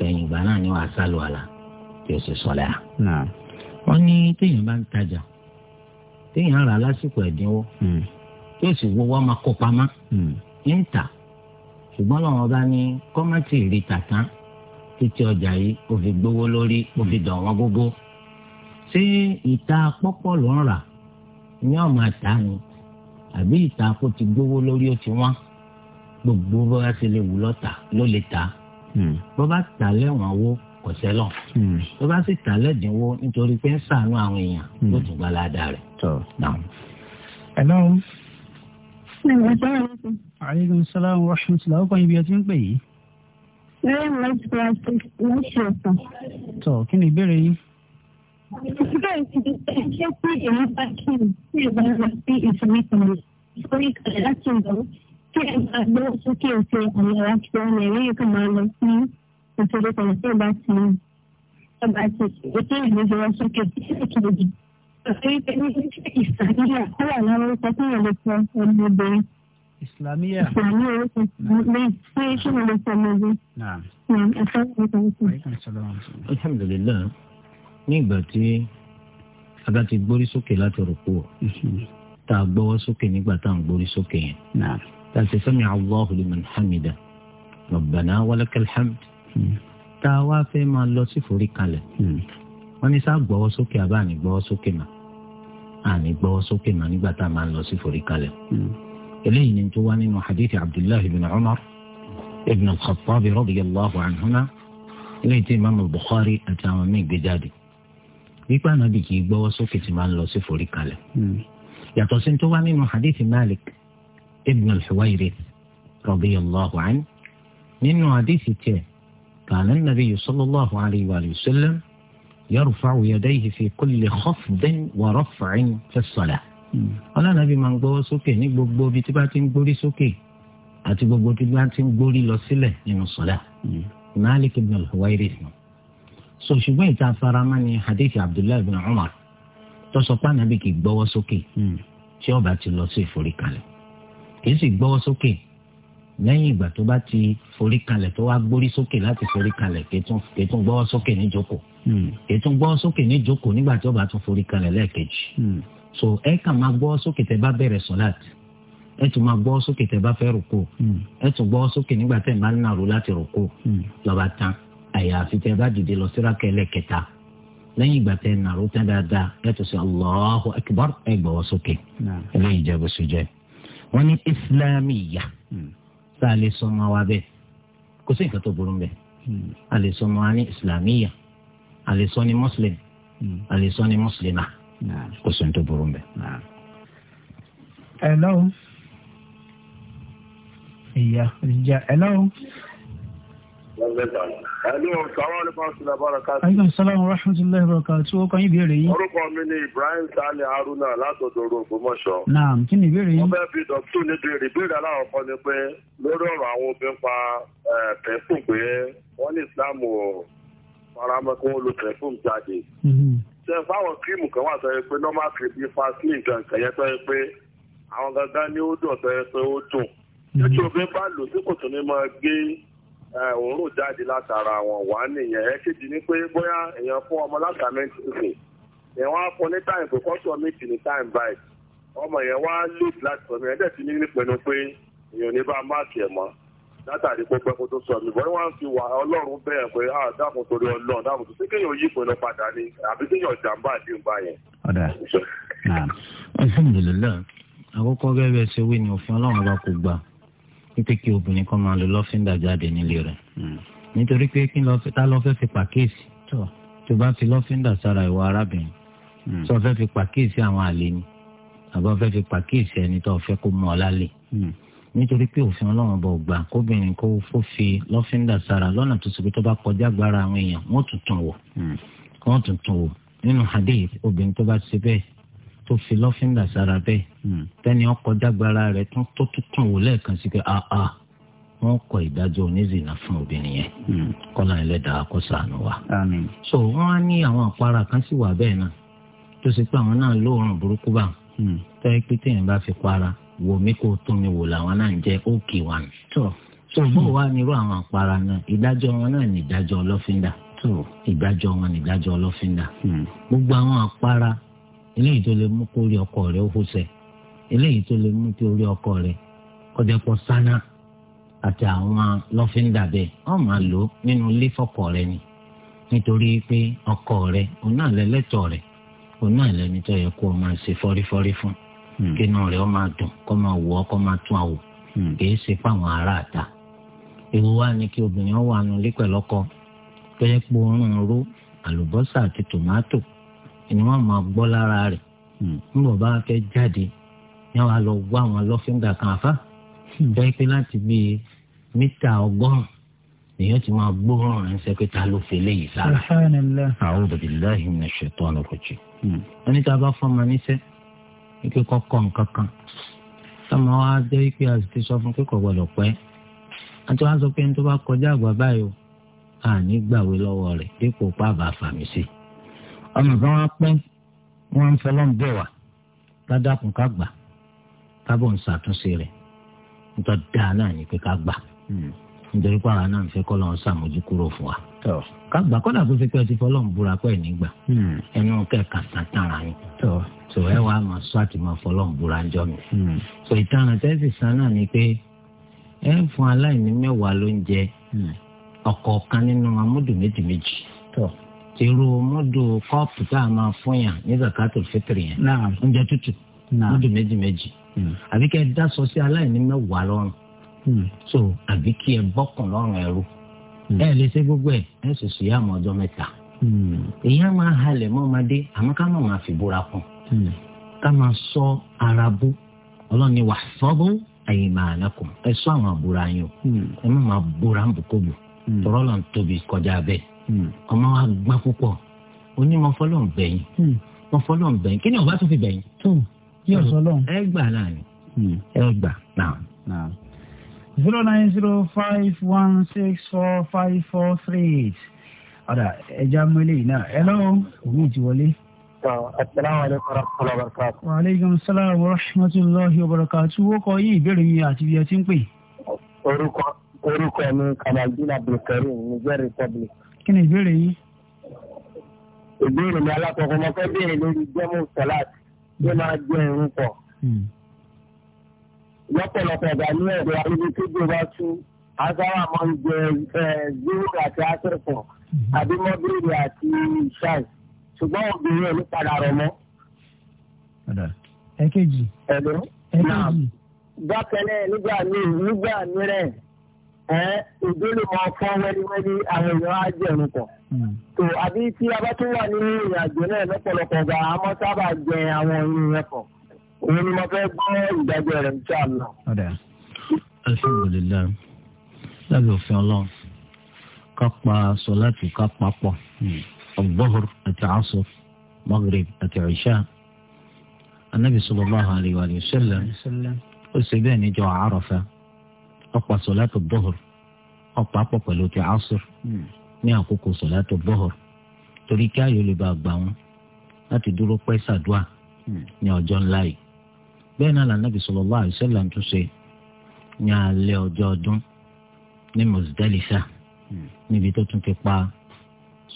sẹ́yìn ìgbà náà ni wàá sálò àlà tí o sì sọlẹ̀ à. wọ́n ní téèyàn bá ń tajà téèyàn rà lásìkò ẹ̀dínwó hmm. tí o sì wo wọ́n máa kó pamọ́ hmm. ń tà ṣùgbọ́n làwọn bá ní kọ́mẹ́tì rí tàtán títí ọjà yìí ó fi gbówó lórí ó fi dàn wọ́n gógó ṣé ìta pọ́pọ́ ló ń rà ní ọ̀mà ta ni àbí ìta kó ti gbówó lórí ó ti wọ́n gbogbo bá ṣe lè wù lọ́ta ló lè ta Hmm. bó bá tà lẹ́wọ̀n owó kò sẹ́lọ̀ tó hmm. bá sì tà lẹ́dínwó nítorí pé ń sàánú àwọn èèyàn ló hmm. tún gba ládàá rẹ̀. hello. aleykum salaam wa rahmatulah ọkọ ibi ẹ ti ń pè yìí. tọ kí ni ìbéèrè yìí. Ìṣúná ìṣèlú ṣé pé bá kí ni tí ìbára sí ìṣòro ìṣòro ìṣòro ìṣòro láti ń bọ̀ kí ẹ bá gbọ́ sókè òfin àwọn aláṣọ nàìjíríà yìí kàn máa lọ sí ìṣòro kan tí ẹ bá ti ẹ bá ti ètò ìgbésẹ̀ wọn sókè tí ẹ kì í di. àfẹ́yìntẹ́ ní ìsàmìlà ó wà lára orúkọ tí wọ́n lè sọ ọmọbìnrin. Islamiyah. Islamiyah orúkọ lè ṣe é ṣé mo lè sọ ọmọbìnrin. Alhamdulilayi ní ìgbà tí a bá ti gbórí sókè láti rò pọ̀ tá a gbọ́wọ́ sókè nígbà tá à ń gbórí sókè yẹn. تالت سمع الله لمن حمده ربنا ولك الحمد تاوافي ما لو سفوري قال واني ساب بوا اباني بوا ما اني بوا سوكي ما نبتا ما لو سفوري قال إليه ننتواني من حديث عبد الله بن عمر ابن الخطاب رضي الله عنهما إليه تمام البخاري التامامي بجادي يبقى نبي كي بوا سوكي ما لو سفوري قال يعني تنتواني من حديث مالك ibn al-Huwayrith radiyallahu anhu nínú àdìsí tiẹ̀ kana an-nabiy sallallahu alayhi wa sallam yarfa'u yadayhi fi kulli khafdin wa raf'in fi as-salah. ọlọ́nàbí máa ń gbọ́wọ́ sókè ní gbogbo ibi tí bá ti ń gbórí sókè àti gbogbo tí bá ti ń gbórí lọ sílẹ̀ nínú sọ̀dá. Malik ibn al-Huwayrith nù. so ṣùgbọ́n ìta farama ni hadith Abdullahi ibn Umar tó sọ pé ànábì kì í gbọ́wọ́ sókè hmm. tí ó bá ti lọ sí ìforíkalẹ̀ kì í sì gbọ́wọ́ sókè lẹ́yìn ìgbà tó bá ti forí kalẹ̀ tó wá gbórí sókè láti forí kalẹ̀ kì í tún gbọ́wọ́ sókè ní ìjókòó hmm. kì í tún gbọ́wọ́ sókè ní ìjókòó nígbà tí ó tún forí kalẹ̀ lẹ́ẹ̀kejì hmm. so ẹ kàn máa gbọ́wọ́ sókè tẹ́ bá bẹ̀rẹ̀ sọ́láàtì ẹ tún máa gbọ́wọ́ sókè tẹ́ bá fẹ́ rùkú hmm. ẹ tún gbọ́wọ́ sókè nígbà tẹ́ máa ń nàró láti rùkú lọ́ba tán àyàfi tẹ́ bá dìde lọ sí rákẹ́lẹ̀ Allahu Akbar ẹ gbọ́wọ́ sókè eléyìí jẹ́ bó ṣe wọ́n ní islamiyya tá hmm. a lè sọ ọmọ wa bẹ́ẹ̀ kò sí nǹkan tó burú bẹ́ẹ̀ hmm. a lè sọ ọmọ wa ní islamiyya a lè sọ ní muslim hmm. a lè sọ ní muslima kò sí nǹkan tó burú bẹ́ẹ̀. hello ìyá ìjà hello. Aleykum salaam wa rahmatullahi wa barakatuh. Ó kàn yín ìbéèrè yín. Orúkọ mi ni Ibrahim Sani Haruna látọ̀dọ̀ Ògbómọ̀ṣọ́. Naam, kí ni ìbéèrè yín? Mo fẹ́ fi dọ̀tún ní béèrè. Ìbéèrè aláwọ̀kọ́ ni pé lórí ọ̀rọ̀ àwọn obìnrin pa pẹ̀fún pé wọ́n ní Ìsìlámù faramọ́ kí wọ́n lo pẹ̀fún jáde. Mm-hmm. Ṣé fáwọn kírìmù kan wà sọ pé normal cream bíi Fastlin nǹkan kan yẹn sọ pé àwọn gangan ni ó dùn sọ pé ó dùn. Ṣé mm-hmm. tí obìnrin bá lò sí kò tún ní máa gbé òun ló jáde látara wọn wà nìyẹn ẹ kéde ni pé bóyá èèyàn fún ọmọ látàmẹ́ntì nìyẹn èèyàn wá fún ní táìmù pé kọ́sọ̀ méjì ní táìmù báyìí ọmọ yẹn wá lóòt láti sọ mi ẹ̀ dẹ̀ ti ní nípinnu pé èèyàn ní bá máàkì ẹ̀ mọ́ látàrí pé pẹ́ kó tó sọ mi bọ́lá wá ń fi wà ọlọ́run bẹ́ẹ̀ pé á ah, dákun torí ọlọ́run dákun tó sí kéèyàn yí ìpinnu padà ni àbí kéèyàn jàǹbá àdéhùnbá yẹn. ọ̀dà [LAUGHS] alhamdulilayi àkọ́kọ́ gẹ́gẹ́ ṣe wí ni òfin ọlọ́run bá kò gbà wípé kí obìnrin kan máa lo lọ́fíńdà jáde nílé rẹ̀ hmm. nítorí pé kí ta ló fẹ́ fi pàkíyèsí tó bá fi lọ́fíńdà sára ìwà arábìnrin hmm. tó fẹ́ fi pàkíyèsí àwọn àlè ni àbá fẹ́ fi pàkíyèsí ẹni tó fẹ́ kó mọ̀ ọ́ lálẹ́ hmm. nítorí pé òfin ọlọ́run bọ̀ gbà kóbìnrin kó fòfin lọ́fíńdà sára lọ́nà tó sì pé tó bá kọjá agbára àwọn èèyàn wọ́n tuntun wọ̀ wọ́n tuntun wọ̀ nínú hadith obìnrin tó bá ti bẹ́ẹ̀ tó fi lọ́fíńdà sára bẹ́ẹ̀ hmm. tẹ́ni ọkọ̀ dágbára rẹ̀ tó tún kàn wò lẹ́ẹ̀kan sí pé àà wọn kọ ìdájọ onízìnnà fún obìnrin yẹn hmm. kọ́lá ẹlẹ́dàá kó ṣàánú wa. so wọn á ní àwọn àpárá kan sì wà bẹ́ẹ̀ náà tó hmm. fi para wò mí kó mi wò làwọn náà ń jẹ́ so bó wa nírú àwọn àpárá náà wọn náà ní gbogbo àwọn àpárá eléyìí tó lè mú kó orí ọkọ rẹ̀ ó fò sẹ̀ eléyìí tó lè mú kó orí ọkọ rẹ̀ kọjá pọ̀ sánà àti àwọn lọ́fíńdà bẹ́ẹ̀ wọ́n máa lò nínú ilé fọkọ rẹ̀ ni nítorí pé ọkọ rẹ̀ òun náà lẹ́lẹ́tọ̀ rẹ̀ òun náà lẹ́ni yẹ kó o máa ṣe fún hmm. ó máa dùn kó máa wù kó máa tún àwò hmm. kìí ṣe fáwọn ewu wa ni kí obìnrin wà ọkọ tó yẹ àlùbọ́sà àti ni wọ́n máa gbọ́ lára rẹ̀ hmm. nígbà bá fẹ́ jáde ni wọ́n á lọ wá àwọn lọ́fíńdà kan afá bẹ́ẹ̀ hmm. pé láti bíi mítà ọgọ́rùn èèyàn ti máa gbóhùn ránṣẹ́ pé ta ló fẹ́ léyìí sára. a'udhu billahi minash shaitanir rajim. Hmm. wọ́n ní tá a bá fọ́ ọmọ níṣẹ́ wípé kọ́kọ́ nǹkan kan tọ́mọ wa jẹ́ wípé a ti sọ fún kíkọ̀ gbọ́dọ̀ pẹ́ àti wọ́n á sọ pé ní tó bá kọjá àgbà báyìí o àní gbàwé lọ́wọ́ rẹ̀ dípò pàbà fàmì sí ọmọ kan nwa pẹ́ wọ́n ń fẹlọ́ ń bẹ̀ wá ká gbà kábọ̀ ń ṣàtúnṣe rẹ̀ nítorí dáa náà ní pé ká gbà hmm. nítorí pé náà ń fẹ́ kúrò fún wa. ká gbà kọ́dà kó fi pé ọtí búra pẹ́ nígbà ẹnu kẹ́ẹ̀ka tó ẹ hmm. wàá máa sọ àti máa búra jọ mi. Hmm. ìtàn san náà ni irú mọ́dù kọ́ọ̀pù tá a máa fún yàn ní zakatul fitri yẹn oúnjẹ tútù mọ́dù méjì méjì hmm. àbí kẹ́ ẹ dá sọ sí aláìní mẹ́wàá lọ́rùn hmm. so àbí kí ẹ bọ́kàn lọ́rùn ẹrú hmm. ẹ lè ṣe gbogbo ẹ ẹ sì sùn yá àmọ́ ọjọ́ mẹ́ta èyí á máa halẹ̀ mọ́ ọmọdé àmọ́ ká máa fi búra kún ká máa sọ ara bú ọlọ́run wà sọ́bù ẹ̀yìn máa nàkùn ẹ sọ àwọn àbúrò ayọ̀ ẹ má máa búra ń bùkọ́ bù tọ́rọ́ lọ́n tóbi kọjá bẹ́ẹ̀. Hmm. ọmọ wa gbọ́n púpọ̀ ó ní mo fọlọ́n bẹ̀yìn hmm. mo fọlọ́n bẹ̀yìn kí ni ọba tó fi bẹ̀yìn. kí ọ̀sán lọ. ẹ gbà láàrin hmm. ẹ gbà náà. zero nine zero five one six four five four three eight ọ̀dà ẹja mọ́lẹ̀ yìí náà ẹ lọ́wọ́ òun ti wọlé. Assalamu alaikum warahmatullahi wabarakatuh. Wa alaikum assalam warahmatullahi wabarakatuh. Wọ́n kọ yí ìbéèrè yín àti ibi ẹ ti ń pè. Orúkọ orúkọ mi Kamaldeen Abdulkareem Niger Republic kí ni ìbéèrè yín. ìbéèrè mi alákọ̀ọ́kọ́ mo fẹ́ béèrè lórí jẹ́mú sọ́láàtì tó máa jẹ́ irun pọ̀. Hmm. lọ́pọ̀lọpọ̀ ọ̀gá ní ẹ̀rọ alóbíkéjì bá tú asáwà máa ń jẹ zero àti asẹ́pọ̀ hmm. àbí mọ́bìlì àti ṣáì ṣùgbọ́n obìnrin ẹ̀ ló padà rọ̀ mọ́. ẹ̀kejì. ẹ̀ló. ẹ̀kejì. dákẹ́lẹ́ nígbà míì nígbà mìíràn ìgbé lè mọ fún wẹ́líwẹ́lí àwọn èèyàn á jẹun pọ̀. tó hmm. àbí tí a bá tún wà nínú ìrìn àjò náà lọ́pọ̀lọpọ̀ gbà á mọ́ sábà jẹ àwọn ìrìn yẹn pọ̀. òun ni mo fẹ́ gbọ́ ìdájọ́ rẹ̀ níta lọ. alhamdulilayi lábẹ́ òfin ọlọ́run ká pa aṣọ láti ká papọ̀ ọgbọ́hùr hmm. àti asọ magreb àti ìṣá anabi sallallahu alayhi wa sallam ó ṣe bẹ́ẹ̀ níjọ́ àárọ̀ fẹ́ ọ̀pá sọ̀látò bọ́hùr ọ̀pá pọ̀ pẹ̀lú ti asr hmm. ní àkókò sọ̀látò bọ́hùr torí kí ayò lè bá gbà wọn láti dúró pẹ́ sàdúà hmm. ní ọjọ́ ńlá yìí bẹ́ẹ̀ náà lànàbì sallallahu alaihi wasallam tún ṣe ní alẹ́ ọjọ́ ọdún ní Muzdalifa hmm. níbi tó tún ti pa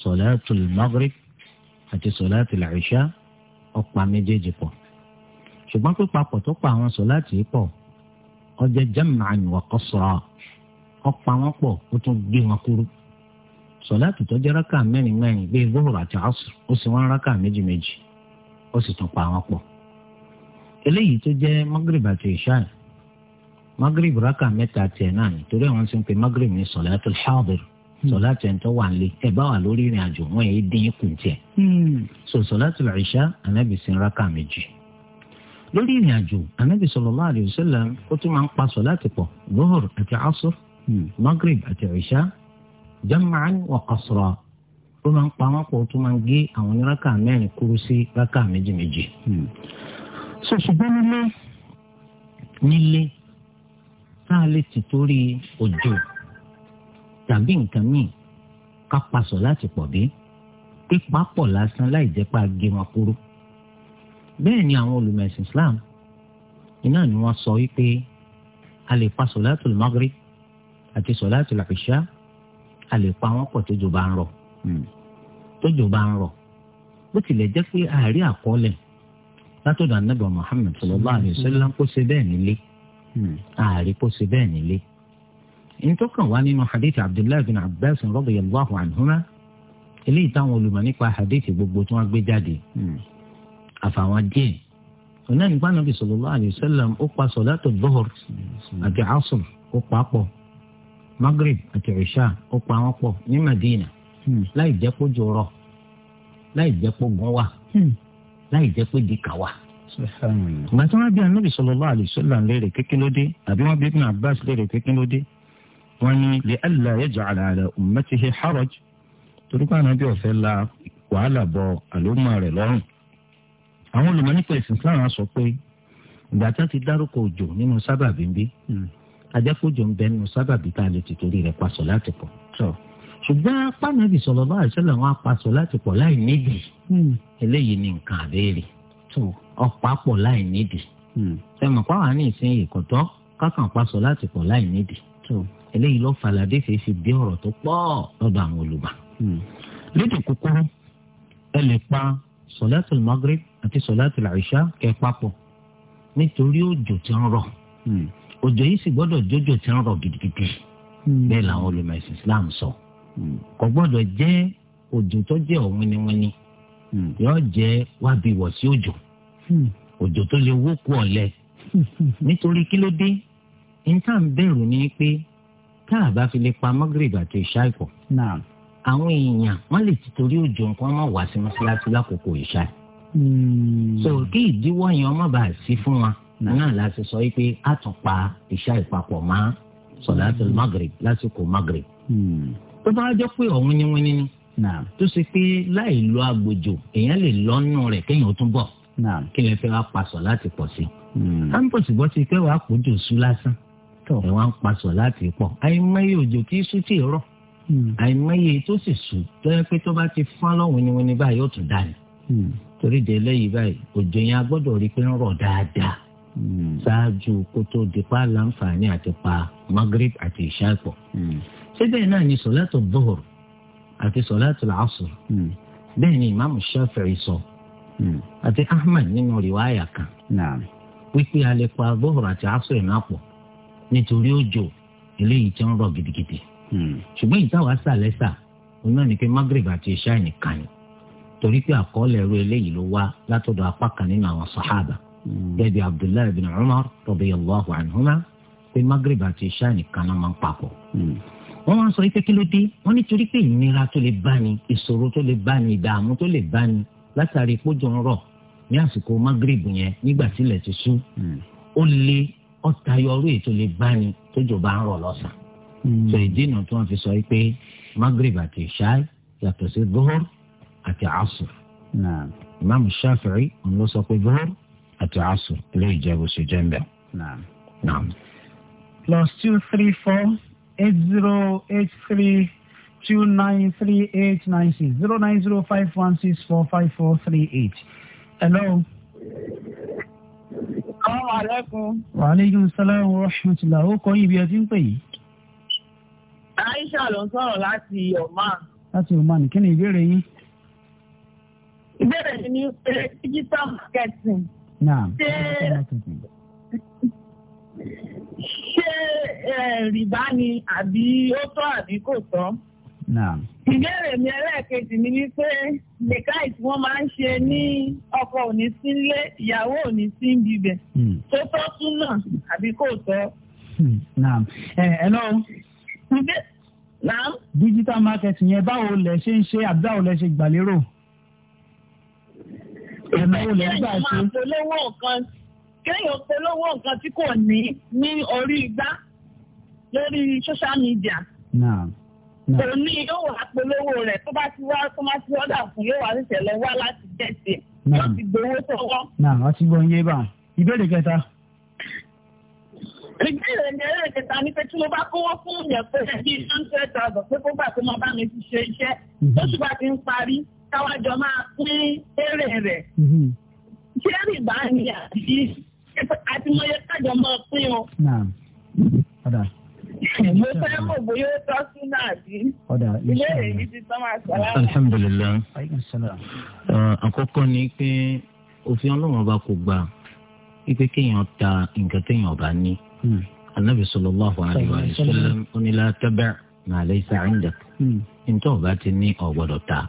sọ̀látò magrib àti sọ̀látò ìṣá ọ̀pá méjèèjì pọ̀ ṣùgbọ́n pípapọ̀ tó pa àwọn sọ̀látì yìí pọ̀ ọjọ jam'an wa qasra ọpa wọn pọ̀ ó tún gbé wọn kúrú sọláàtì tó jẹ́ rákà mẹ́rin mẹ́rin bíi zuhur àti asr ó sì wọn rákà méjì méjì ó sì tún pa wọn pọ̀ eléyìí tó jẹ́ magrib àti ìṣáì magrib rákà mẹ́ta tiẹ̀ náà ni àwọn sì ń pe magrib ní sọláàtul hadir hmm. sọláàtì ẹni tó wà nílé ẹ bá wà lórí ìrìn àjò wọn èyí dín kù tiẹ̀ hmm. so sọláàtul ìṣá lórí ìrìn àjò anabi sallallahu alaihi wasallam ó tún máa ń pa sọláàtì pọ̀ lóhùr àti asr hmm. magrib àti ìṣá jam'an wa qasra ó máa ń pa wọn pọ̀ ó tún máa ń gé àwọn oníraka mẹ́rin kúrú sí raka méjì méjì. Hmm. sọ ṣùgbọ́n nílé nílé tá a lè ti torí òjò tàbí nǹkan míì ká pa sọláàtì pọ̀ bí pípa pọ̀ lásán láì jẹ́ pa gé wọn kúrú bẹ́ẹ̀ ni àwọn olùmẹ̀sìn Islam iná ni wọ́n sọ wípé a lè pa sọ̀láàtù magrib àti sọ̀láàtù làkìṣá a lè pa wọ́n pọ̀ tójò bá ń rọ̀ hmm. tójò bá ń rọ̀ bó tilẹ̀ jẹ́ pé àárí àkọọ́lẹ̀ látọ̀dọ̀ anábọ̀ Muhammad sallallahu alaihi wasallam kó ṣe bẹ́ẹ̀ nílé àárí hmm. kó ṣe bẹ́ẹ̀ nílé ntọ́kàn wá nínú hadith abdullahi bin abbas radiyallahu anhuma eléyìí táwọn olùmọ̀ nípa hadith gbogbo tí wọ́n gbé jáde hmm àfàwọn díẹ̀ ọ̀nà nípa nàbì sallallahu alayhi wa sallam ó pa sọ̀látò bọ́ọ̀r àti asùn ó pa pọ̀ magrib àti ìṣà ó pa wọn pọ̀ ní madina hmm. láì jẹ́ kó jọrọ̀ láì jẹ́ kó gún wa láì jẹ́ kó di kàwa. ìgbà tí wọ́n bí anábì sallallahu alayhi wa sallam léèrè kékin ló dé àbí wọ́n bí ibn abbas léèrè kékin ló wọ́n ní li alla yaj'ala ala ummatihi haraj torí pé anábì ọ̀fẹ́ la wàhálà bọ àlùmọ́ rẹ̀ lọ́rùn àwọn olùmọ̀nífẹ̀ẹ́ ìsìn fúláwọn sọ pé ìgbà tí wọ́n ti dárúkọ òjò nínú sábàbí bí hmm. ajẹ́fọ́jọ ń bẹ nínú sábàbí tá a lè ti torí rẹ̀ paṣọ láti pọ̀. ṣùgbọ́n pàmẹ́bí sọ̀rọ̀ bá àṣẹ làwọn apaṣọ láti pọ̀ láì nídìí hmm. eléyìí ni nǹkan àbẹ́rẹ́ ọ̀pápọ̀ láì nídìí sẹ́mi hmm. pàwọn ní ìsìn ìkọ̀tọ́ kákan paṣọ láti pọ̀ láì nídìí eléyìí ló falàdé fèé fi bí ọ̀rọ̀ tó pọ̀ lọ́dọ̀ àwọn olùgbà. lédè kúkúrú ẹ lè pa sọ̀lẹ́tùl àti sọ̀láàtì làìṣá kẹ́ papọ̀ nítorí òjò tí ń rọ̀ hmm. òjò yìí sì gbọ́dọ̀ jójò tí ń rọ̀ gidigidi hmm. bẹ́ẹ̀ làwọn olùmọ̀ ẹ̀sìn Islam sọ hmm. kò gbọ́dọ̀ jẹ́ òjò tó jẹ́ ọ̀wínníwínní yóò jẹ́ wábiwọ̀ sí òjò òjò tó lè wó kú ọ̀lẹ [LAUGHS] nítorí kí ló dé níta ń bẹ̀rù ni pé tá a bá fi lè pa mọ́gìrìbà àti ìṣá ìpọ̀ àwọn èèyàn wọ́n lè ti torí òjò nǹkan máa wá sí mọ́ṣáláṣí lákòókò ìṣá yìí. Hmm. so kí ìdíwọ́ yẹn ọmọ bá sí fún wa náà la ṣe sọ pé a tún pa ìṣá ìpapọ̀ mọ́ sọ̀láṣẹ́ magrib lásìkò magrib hmm. tó bá jọ pé ọ̀hún ni wọ́n ní ni tó ṣe pé láì lo agbòjò èèyàn lè lọ́nù rẹ̀ kéèyàn tún bọ̀ kí lè fẹ́ wá paṣọ láti pọ̀ sí i hmm. kámpọ̀sì bọ́ ti pé wàá kójú sú lásán ẹ̀ wá ń paṣọ láti pọ̀ àìmọye òjò tí sú tì rọ̀ àìmọye tó sì sùn tó yẹ pé tó bá ti fọ́n lọ́wọ́ ni wọ́n ní báyìí ó tún dá ni torí de eléyìí báyìí òjò yẹn a gbọ́dọ̀ rí pé ń rọ̀ dáadáa hmm. ṣáájú kó tó di pa láǹfààní àti pa Maghrib àti ìṣàpọ̀. síbẹ̀ hmm. náà ni sọ̀látò dọ́hùr àti sọ̀látò làásù hmm. bẹ́ẹ̀ ni ìmáàmù Ṣáfi'í sọ àti Ahmad nínú rìwáyà kan wípé a lè pa dọ́hùr àti àásù náà pọ̀ nítorí òjò eléyìí tí ń rọ̀ gidigidi ṣùgbọ́n ìtawà sàlẹ̀ sà onáà ni pé Maghrib àti ìṣà nìkan ni torí pé àkọọ́lẹ̀ ẹ̀rọ eléyìí ló wá látọ̀dọ̀ apá kan nínú àwọn sàhábà bẹ́ẹ̀ hmm. bí abdullahi bin umar radiyallahu anhuma pé magreb àti isha nìkan náà máa ń papọ̀. Hmm. wọ́n wá ń sọ pé kí ló dé wọ́n nítorí pé ìnira tó lè bá ni ìṣòro tó lè bá ni ìdààmú tó lè bá ni látàrí pójò ń rọ̀ ní àsìkò magreb yẹn nígbà tílẹ̀ ti sú hmm. ó lé ọ̀tayọrú ètò lè bá ni tójò ń rọ̀ lọ́sàn. sọ ìdí ìnà tí wọ́n fi sọ pé magreb àti isha yàtọ̀ sí dhuhr àti asr. ìmáàmù Shafi'i òun ló sọ pé zuhur àti asr lè jẹ́ bó ṣe plus two three four eight zero eight three two nine three eight nine six zero nine zero five one six four five four three eight. hello. Assalamualaikum. Wa alaikum salam wa rahmatullah. Ó kọ́ ibi ẹ ti ń pè yìí. Aisha ló ń sọ̀rọ̀ láti Oman. Láti Oman, kí ni ìbéèrè yín? ìbéèrè mi ni pé digital marketing. ṣé ṣé rìbá ni àbí ó tọ́ àbí kò tọ́. ìbéèrè mi ẹlẹ́ẹ̀kejì ni wípé nìka tí wọ́n máa ń ṣe ní ọkọ òní sílé ìyàwó òní sí ń bibẹ̀ hmm. tó tọ́ tún náà àbí kò tọ́. Hmm. hello. digital marketing yẹn báwo lẹ ṣe ń ṣe àbí báwo lẹ ṣe gbàlérò ọ̀nà kéèyàn polówó nǹkan tí kò ní ní orí igbá lórí social media. kò ní yóò wá polówó rẹ̀ tó bá ti wá tó bá ti wọ́dà fún yóò wá ṣẹ̀ṣẹ̀ lọ wá láti jẹ́ láti gbowó sọ́wọ́. náà wọ́n ti gbọ́ yé bá ìbéèrè kẹta ìbéèrè ní eré ìkẹta ni pé tí mo bá kówó fún yẹn pé bí hundred thousand pé kó gbà pé mo bá mi ti ṣe iṣẹ́ mhm. tó ṣùgbọ́n ti ń parí káwájọ máa pín eré rẹ̀ mhm. ṣé rìbá ni àti àti mọyẹ kájọ máa pín o. mo fẹ́ mọ̀ bóyá ó tọ́ sí náà bí ilé èyí ti tán máa sọ̀rọ̀. alhamdulilayi àkọ́kọ́ ni pé òfin ọlọ́run ọba kò gbà wípé kéèyàn ta nǹkan téèyàn ọba ní anabi hmm. sallallahu alaihi wa sallam onílà tabi' ma laysa 'indak. Hmm nítorí ọba ti ní ọ̀gbọ́dọ̀ ta.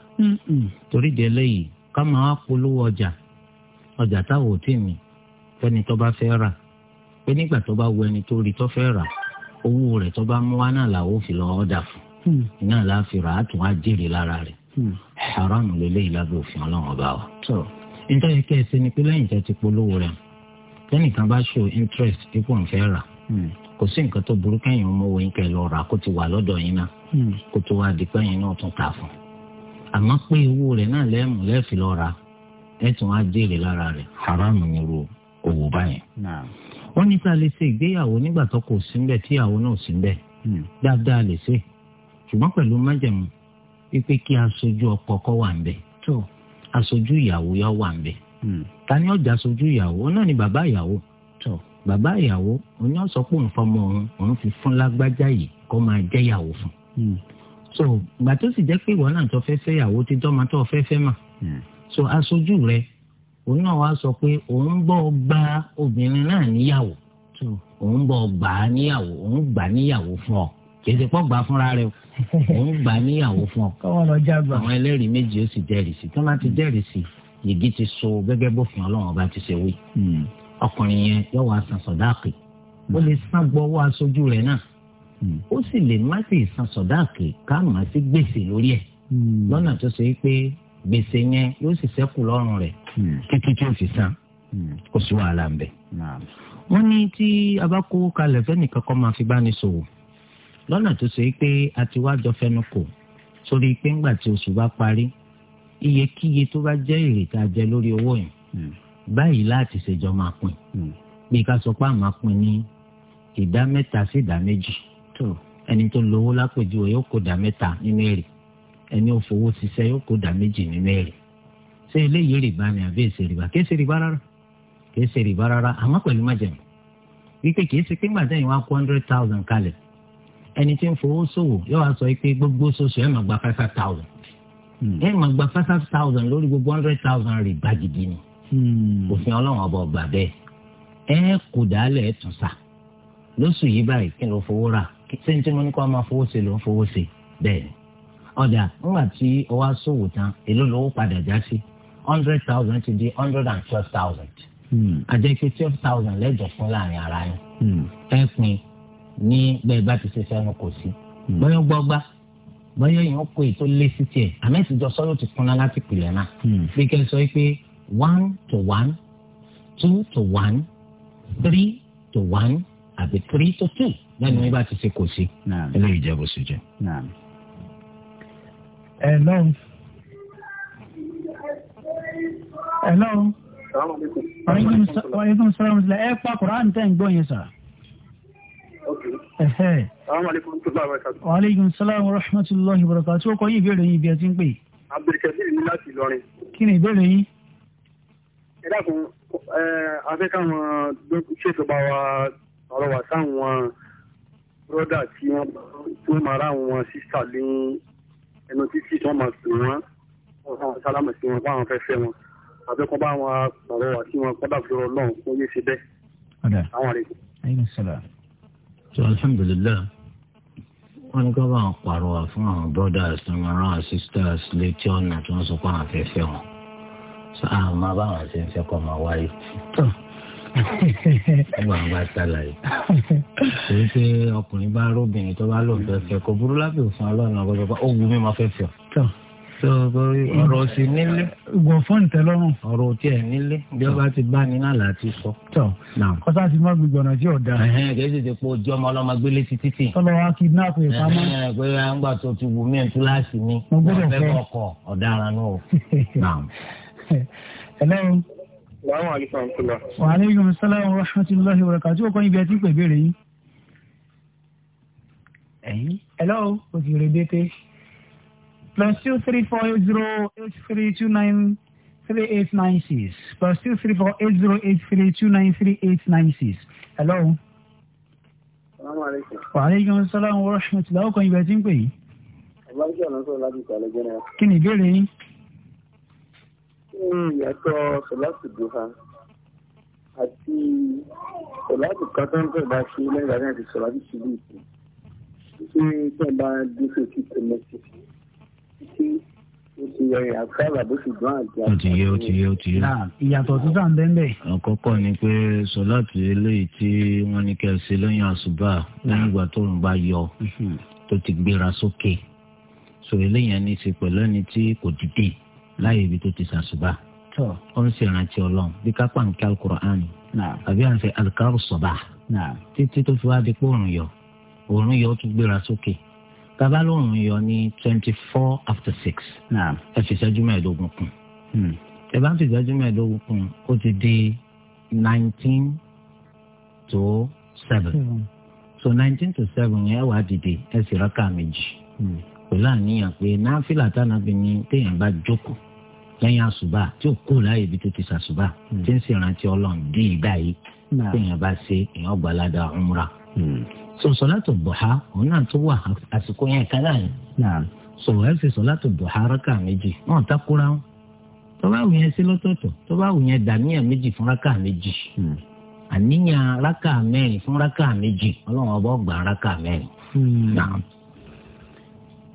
torí di eléyìí ká máa polówó ọjà ọjà táwọn ò tí ì mì fẹ́ni tó bá fẹ́ rà pé nígbà tó bá wo ẹni tó rí tó fẹ́ rà owó rẹ̀ tó bá mú wá náà làwọn ò fi lọ ọ̀dà fún hmm. náà láà fi rà á tún á jèrè lára rẹ̀ hmm. haram lélẹ́yìí lábẹ́ òfin ọlọ́run ọba wa. nítorí kẹ́ ẹ ṣe ni pé lẹ́yìn tẹ́ ti polówó rẹ̀ tẹ́nìkan bá show interest ipò ń fẹ́ rà hmm. kò sí nǹkan tó burú kẹ́yìn ọmọ wọ̀nyí lọ rà kó ti wà lọ́dọ̀ yín náà Hmm, kó tó wá di pẹ́yìn náà tún ta fún àmọ́ pé owó rẹ̀ náà lẹ́mú lẹ́ẹ̀fì lọ́ra ẹ̀ tún á jèrè lára rẹ̀ haram ni ro owó báyẹn. wọ́n ní ká lè ṣe ìgbéyàwó nígbà tó kò síbẹ̀ tíyàwó náà síbẹ̀ hmm. dáadáa lè ṣe ṣùgbọ́n pẹ̀lú májẹ̀mú wípé kí aṣojú ọkọ kọ́ wà ń aṣojú ìyàwó yọ wà ń hmm. ta ni ọjà aṣojú ìyàwó náà ni bàbá ìyàwó bàbá ìyàwó oní ọ̀sọ́pọ̀ nǹkan mọ́ òun òun fi fún lágbájá yìí kó máa jẹ́yàwó fún un Hmm. so ìgbà tó sì jẹ́ pé ìwọ náà tó fẹ́ fẹ́ ìyàwó ti tọ́ ma tó fẹ́ fẹ́ mà hmm. so aṣojú rẹ òun náà wá sọ pé òun bọ́ gba obìnrin náà níyàwó òun bọ́ gbà á níyàwó òun gbà níyàwó fún ọ kèsì pọ́ gbà fúnra rẹ [LAUGHS] òun gbà níyàwó fún ọ àwọn ẹlẹ́rìí méjì ó sì jẹ́rìí sí tó má ti jẹ́rìí sí yìgì ti so gẹ́gẹ́ bófin ọlọ́run ọba ti ṣe wí hmm. ọkùnrin yẹn yọ wá san sọ̀dáàkì ó lè sàn gbọ́ owó aṣojú rẹ̀ náà Hmm. ó sì lè má sì san sọ̀dáàkì ká má sí gbèsè lórí ẹ̀ hmm. lọ́nà tó ṣe pé gbèsè yẹn yóò sì ṣẹ́kù lọ́rùn rẹ̀ hmm. títí tí ó fi san kò sí wàhálà ńbẹ. wọ́n ní tí a bá kó kalẹ̀ fẹ́nìkan kọ́ máa fi bá ní ṣòwò lọ́nà tó ṣe pé a ti wá jọ fẹnu kò sórí pé ńgbà tí oṣù bá parí iyekíye tó bá jẹ́ èrè tá a jẹ lórí owó yẹn báyìí láti ṣèjọ máa pín bí ká sọ pé a máa pín ní ìdá mẹ́ta sí ìdá méjì tó ẹni tó lówó lápèjúwe yóò kó dá mẹ́ta nínú èrè ẹni ò fowó ṣiṣẹ́ yóò kó dá méjì nínú èrè ṣé eléyìí rìbá ni àbí èsè rìbá kìí ṣe rìbá rárá kìí ṣe rìbá rárá àmọ́ pẹ̀lú májẹ̀mú wípé kìí ṣe pé gbàdá yìí wá kó hundred thousand kalẹ̀ ẹni tí ń fowó ṣòwò yóò wá sọ pé gbogbo ṣoṣù ẹ̀ máa five five thousand hmm. ẹ̀ máa five five thousand lórí gbogbo hundred thousand rìbá gidi ni hmm. òfin ọlọ́run ọba ọgbà bẹ́ẹ̀ ẹ̀ kò dálẹ̀ ẹ̀ tún sà lóṣù yìí báyìí kí ló fowó rà ṣé n tí mo ní kó máa fowó ṣe ló ń fowó ṣe bẹ́ẹ̀ ni ọ̀dà ńgbà tí o wá sòwò tán èló lówó padà já sí hundred thousand ti di hundred and twelve thousand àjẹkẹ́ hmm. twelve thousand lẹ́jọ̀ fún láàrin ara yín hmm. ẹ pin ní bẹ́ẹ̀ bá ti ṣe fẹ́ràn kò sí hmm. bóyá gbọ́gbá bóyá èèyàn kó ètò lé sí tiẹ̀ àmẹ́sìjọ sọ́yọ́ ti kúnná láti pìlẹ̀ náà bí kẹ́ sọ pé one to one two to one three to one àbí three to two lẹ́nu yín bá ti ṣe kò sí eléyìí jẹ́ bó ṣe jẹ́. hello. hello. aleykum salaam ṣe ẹ pa quran tẹ́ ń gbọ́ yẹn sà. wa aleykum salaam wa rahmatulahi wa barakatuh ó kọ yí ìbéèrè yín ibi ẹ ti ń pè. abdulkadir ni láti Ìlọrin. kí ni ìbéèrè yín. ẹ dákun afẹ́ káwọn ṣètò bá wa ọ̀rọ̀ wà sáwọn brọ́dà tí wọ́n tí wọ́n máa ráwọn wọn sísà ní ẹnu títí tí wọ́n máa sùn wọn wọ́n sáwọn sálámù sí wọn báwọn fẹ́ fẹ́ wọn àbí kọ́ bá wọn sọ̀rọ̀ wà sí wọn kọ́dà fi rọ lọ́hùn fún yé ṣe bẹ́ẹ̀. àwọn rẹ̀. ẹyin sọlá. sọ alhamdulilayi wọn ní ká bá wọn pàrọ̀ wá fún àwọn brothers tí wọn rán sisters létí ọ̀nà tí wọ́n sọ pé àwọn fẹ́ fẹ́ wọn. sọ àwọn máa bá wọn ṣe ń fẹ́ kọ́ máa wáyé ó máa bá ṣàlàyé kò ń ṣe ọkùnrin bá róbìnrin tó bá lò fẹ́ fẹ́ kò burú lábẹ́ òfin ọlọ́run ọgbọ́n ó wù mí máa fẹ́ fẹ́ ọ ọ̀rọ̀ sí nílé. gbọ̀n fún ìtẹ́lọ́rùn. ọ̀rọ̀ tí ẹ̀ nílé bí ọba ti bá ní náà láti sọ. tọ kọ́sá ti má gbogbo ọ̀nà tí ò da. kẹ́sì ti pọ̀ ojú ọmọ ọlọ́mọ gbélé ti títì. tọ́lọ wa kidnap ẹ̀ pamọ́. pé àǹgbà tó ti wù mí túláàsì mi. mo gbọ́dọ̀ fẹ́ ọkọ̀ [LAUGHS] Wàhálà àlùfáà ń kúlọ̀. Wàhálà ìgbìmọ̀ sálà ọ̀rọ̀ rahmatulahi wa rakàtí ó kọ́ ibi ẹtí pè béèrè yìí. Ẹ̀yin. Hello, o ti rè dété. Plus two three four eight zero eight three two nine three eight nine six. Plus two three four eight zero eight three two nine three eight nine six. Hello. Wàhálà ìgbìmọ̀ sálà ọ̀rọ̀ rahmatulahi wa rakàtí ó kọ́ ibi ẹtí pè yìí. Kí ìyàtọ̀ sọ̀láṣì dùhà àti sọ̀láṣì kan tó ń kọ̀ bá ṣe lẹ́yìn ìgbà náà ti sọ̀láṣì ṣubú ìsìn ṣé tó bá dé sí ti tẹ̀lé sí ṣé ó ti yẹ àkàrà bó ṣe dùn àti àkàrà. ó ti yé ó ti yé ó ti yé. ìyàtọ̀ tó sàn bẹ́ẹ̀ bẹ́ẹ̀. ni pé sọ̀láṣì eléyìí tí wọ́n ní kẹ́ ẹ ṣe lẹ́yìn àṣùbà lẹ́yìn ìgbà tó ń bá yọ mhm. tó ti gbéra sókè sọ eléyìí á ní pẹ̀lú ẹni tí kò dìde láàyè ibi tó ti ṣàṣùbà ó ń ṣèrántí ọlọ́run bí kápá ń kí alukur'an àbí à ń ṣe alukaru sọ̀bà títí tó fi wá di pé òòrùn yọ òòrùn yọ ó gbéra sókè tábà lóòrùn yọ ní twenty four after six ẹ fi ìṣẹ́jú mẹ́ẹ̀ẹ́dógún kún hmm. ẹ bá ń fi ìṣẹ́jú mẹ́ẹ̀ẹ́dógún kún ó ti di nineteen to seven so nineteen to seven yẹn wàá dìde ẹ sì rákà méjì hmm. pẹ̀lú àníyàn pé náfìlà tánàbí ni téèyàn bá jókòó lẹ́yìn àṣùbà tí ó kù láàyè ibi tó ti ṣàṣùbà hmm. tí ń ṣèrántí ọlọ́run dé ìgbà yìí hmm. tí èèyàn bá ṣe èèyàn gbà ládàá umra. Hmm. so sọlátù duha òun náà tó wà àsìkò yẹn kan náà ni. so ẹ ṣe sọlátù duha rákà méjì wọn takora wọn tó bá wù yẹn sí lọ́tọ̀ọ̀tọ̀ tó bá wù yẹn dàníyàn méjì fún rákà méjì àníyàn rákà mẹ́rin fún rákà méjì ọlọ́run ọba ọgbà rákà mẹ́rin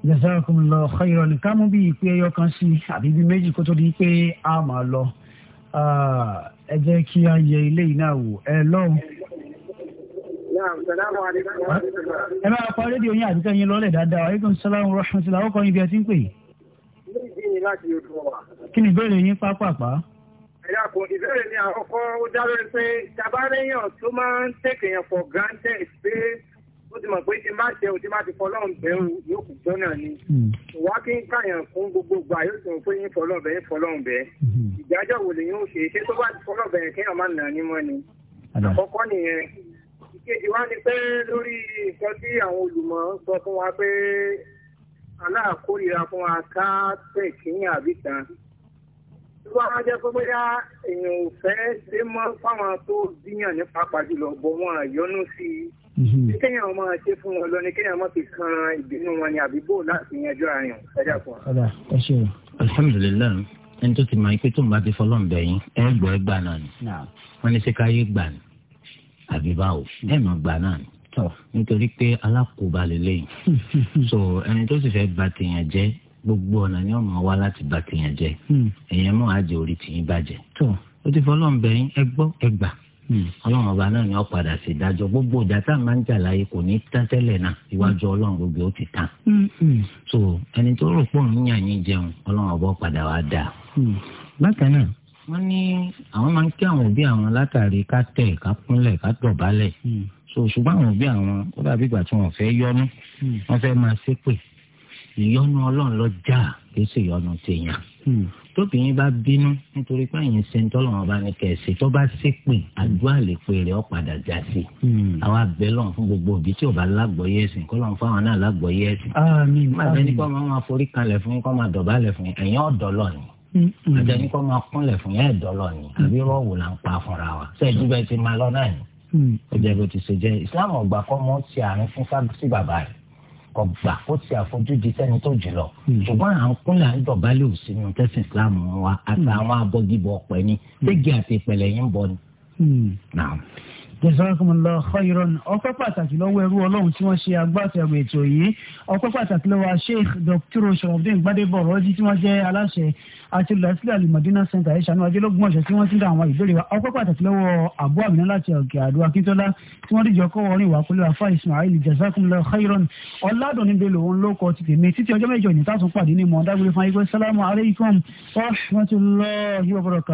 jazakumullahu khairan ká mú bí ìpè ẹyọ kan sí àbí bí méjì kó tó di pé a máa lọ ẹ jẹ́ kí a yẹ ilé yìí náà wò ẹ lọ́hùn. ẹ máa pa rédíò yín àbíkẹ́ yín lọ́lẹ̀ dáadáa aleykum salaam wa rahmatulah ọkọ yín bí ẹ ti ń pè. kí ni ìbéèrè yín pápápá. ẹ̀yà kò ìbéèrè ni àkọ́kọ́ ó dá lórí pé tabarẹ́yàn tó máa ń tẹ̀kẹ̀yàn for granted pé ó ti mọ̀ pé tí má ṣe òtí má ti fọ́ lọ́run bẹ́ẹ̀ o yóò kù jọ́nà ni ìwà hmm. kí n káyàn fún gbogbo gbà yóò tún pé yín fọ́ lọ́run bẹ́ẹ̀ fọ́ lọ́run bẹ́ẹ̀ hmm. ìdájọ́ wo lè yóò ṣe ṣé tó bá ti fọ́ lọ́run bẹ́ẹ̀ kéèyàn má nà ní mọ́ ni àkọ́kọ́ nìyẹn ìkejì wá ni pé lórí nǹkan tí àwọn olùmọ̀ sọ fún wa pé aláàkórira fún wa ká tẹ̀ kíyàn àbí kan tó bá jẹ́ pé bóyá èèyàn ò fẹ́ dé mọ́ fáwọn tó díyàn nípa pàjùlọ bọ́ wọn àyọnú sí i Mm-hmm. kéèyàn ọmọ ṣe fún wọn lọ ni kéèyàn ọmọ fi kan ìbínú wọn ni àbíbò láti yanjú àárín ẹ̀dá kan. alhamdulilayi ẹni tó ti máa pé tó ń bá ti fọlọ́ ń bẹ̀yìn ẹ gbọ́ ẹ gbà náà ni wọ́n ní ṣe káyé gbà ní àbí báwo ẹ mọ̀ gbà náà ni nítorí pé alákòóbá lélẹ́yìn [LAUGHS] so ẹni tó sì fẹ́ bà tèèyàn jẹ́ gbogbo ọ̀nà ni ọmọ wa láti bà tèèyàn jẹ́ hmm. èèyàn àjẹ́ orí tìyín bàjẹ́ ó ti fọlọ́ ń bẹ̀yìn ẹ gbọ́ Hmm. ọlọ́run ọba náà ni ó padà sí ìdájọ́ gbogbo ìjà tá a máa ń jà láyé kò ní tán tẹ́lẹ̀ náà iwájú hmm. ọlọ́run gbogbo ó ti tán. Hmm. so ẹni tó rò pọ̀ ń yàn yín jẹun ọlọ́run ọba padà wá dà. bákan náà wọ́n ní àwọn máa ń kí àwọn òbí àwọn látàrí ká tẹ̀ ká kúnlẹ̀ ká dọ̀bálẹ̀ so ṣùgbọ́n àwọn òbí àwọn ó dàbí ìgbà tí wọ́n fẹ́ yọnu wọ́n fẹ́ máa ṣépè ìyọnu ọlọ́run lọ tóbìnrin bá bínú nítorí pé àyìn ṣe ń tọ́lọ̀ wọn bá ní kẹ̀sì tó bá ṣépè àdúrà lè pe rẹ̀ ọ́ padà já sí. Hmm. àwọn abẹ́ lọ́n fún gbogbo òbí tí ò bá lágbọ̀ọ́yé ẹ̀sìn kọ́ lọ́n fáwọn náà lágbọ̀ọ́yé ẹ̀sìn. àbẹ́ni kọ́ máa forí kalẹ̀ fún kọ́ máa dọ̀bálẹ̀ fún ẹ̀yìn ọ̀dọ́ lọ́ni àbẹ́ni kọ́ máa kúnlẹ̀ fún yẹn ẹ̀dọ́ lọ́ni hmm. àbí rọ́ọ̀wù là ń pa fúnra wa sẹ́ẹ̀dú bẹ́ẹ̀ ti máa lọ náà ni. Hmm. ó jẹ́ bó ti ṣe jẹ́ ìsìlámù ọ̀gbà kọ́ mọ́ ti àárín fún sí kò gbà kó ti àfojúdi sẹ́ni tó jù lọ. Hmm. ṣùgbọ́n à ń kúnlẹ̀ à ń dọ̀bálẹ̀ òsínú tẹ́sí islam wa àti àwọn hmm. abọ́gibọ̀ ọ̀pẹ ni. bẹ́ẹ̀ hmm. gí àti ìpẹ̀lẹ̀ yín bọ̀ ni jazakumullahu khairan ọpẹ́ pàtàkì lọ́wọ́ ẹrú Ọlọ́run tí wọ́n ṣe agbátẹrù ètò yìí ọpẹ́ pàtàkì lọ́wọ́ sheikh dr sharafdin gbadebo ọrọjì tí wọ́n jẹ́ aláṣẹ àti olùdásílẹ̀ alimọdínà center ẹṣánú ajẹlógún ọ̀sẹ̀ tí wọ́n ti dá àwọn ìbéèrè wa ọpẹ́ pàtàkì lọ́wọ́ abu amina láti òkè àdó akíntola tí wọ́n dìjọ kọ́ orin ìwàkulẹ afa ismail jazakumullahu khairan ọládùnní bẹlẹ òun ló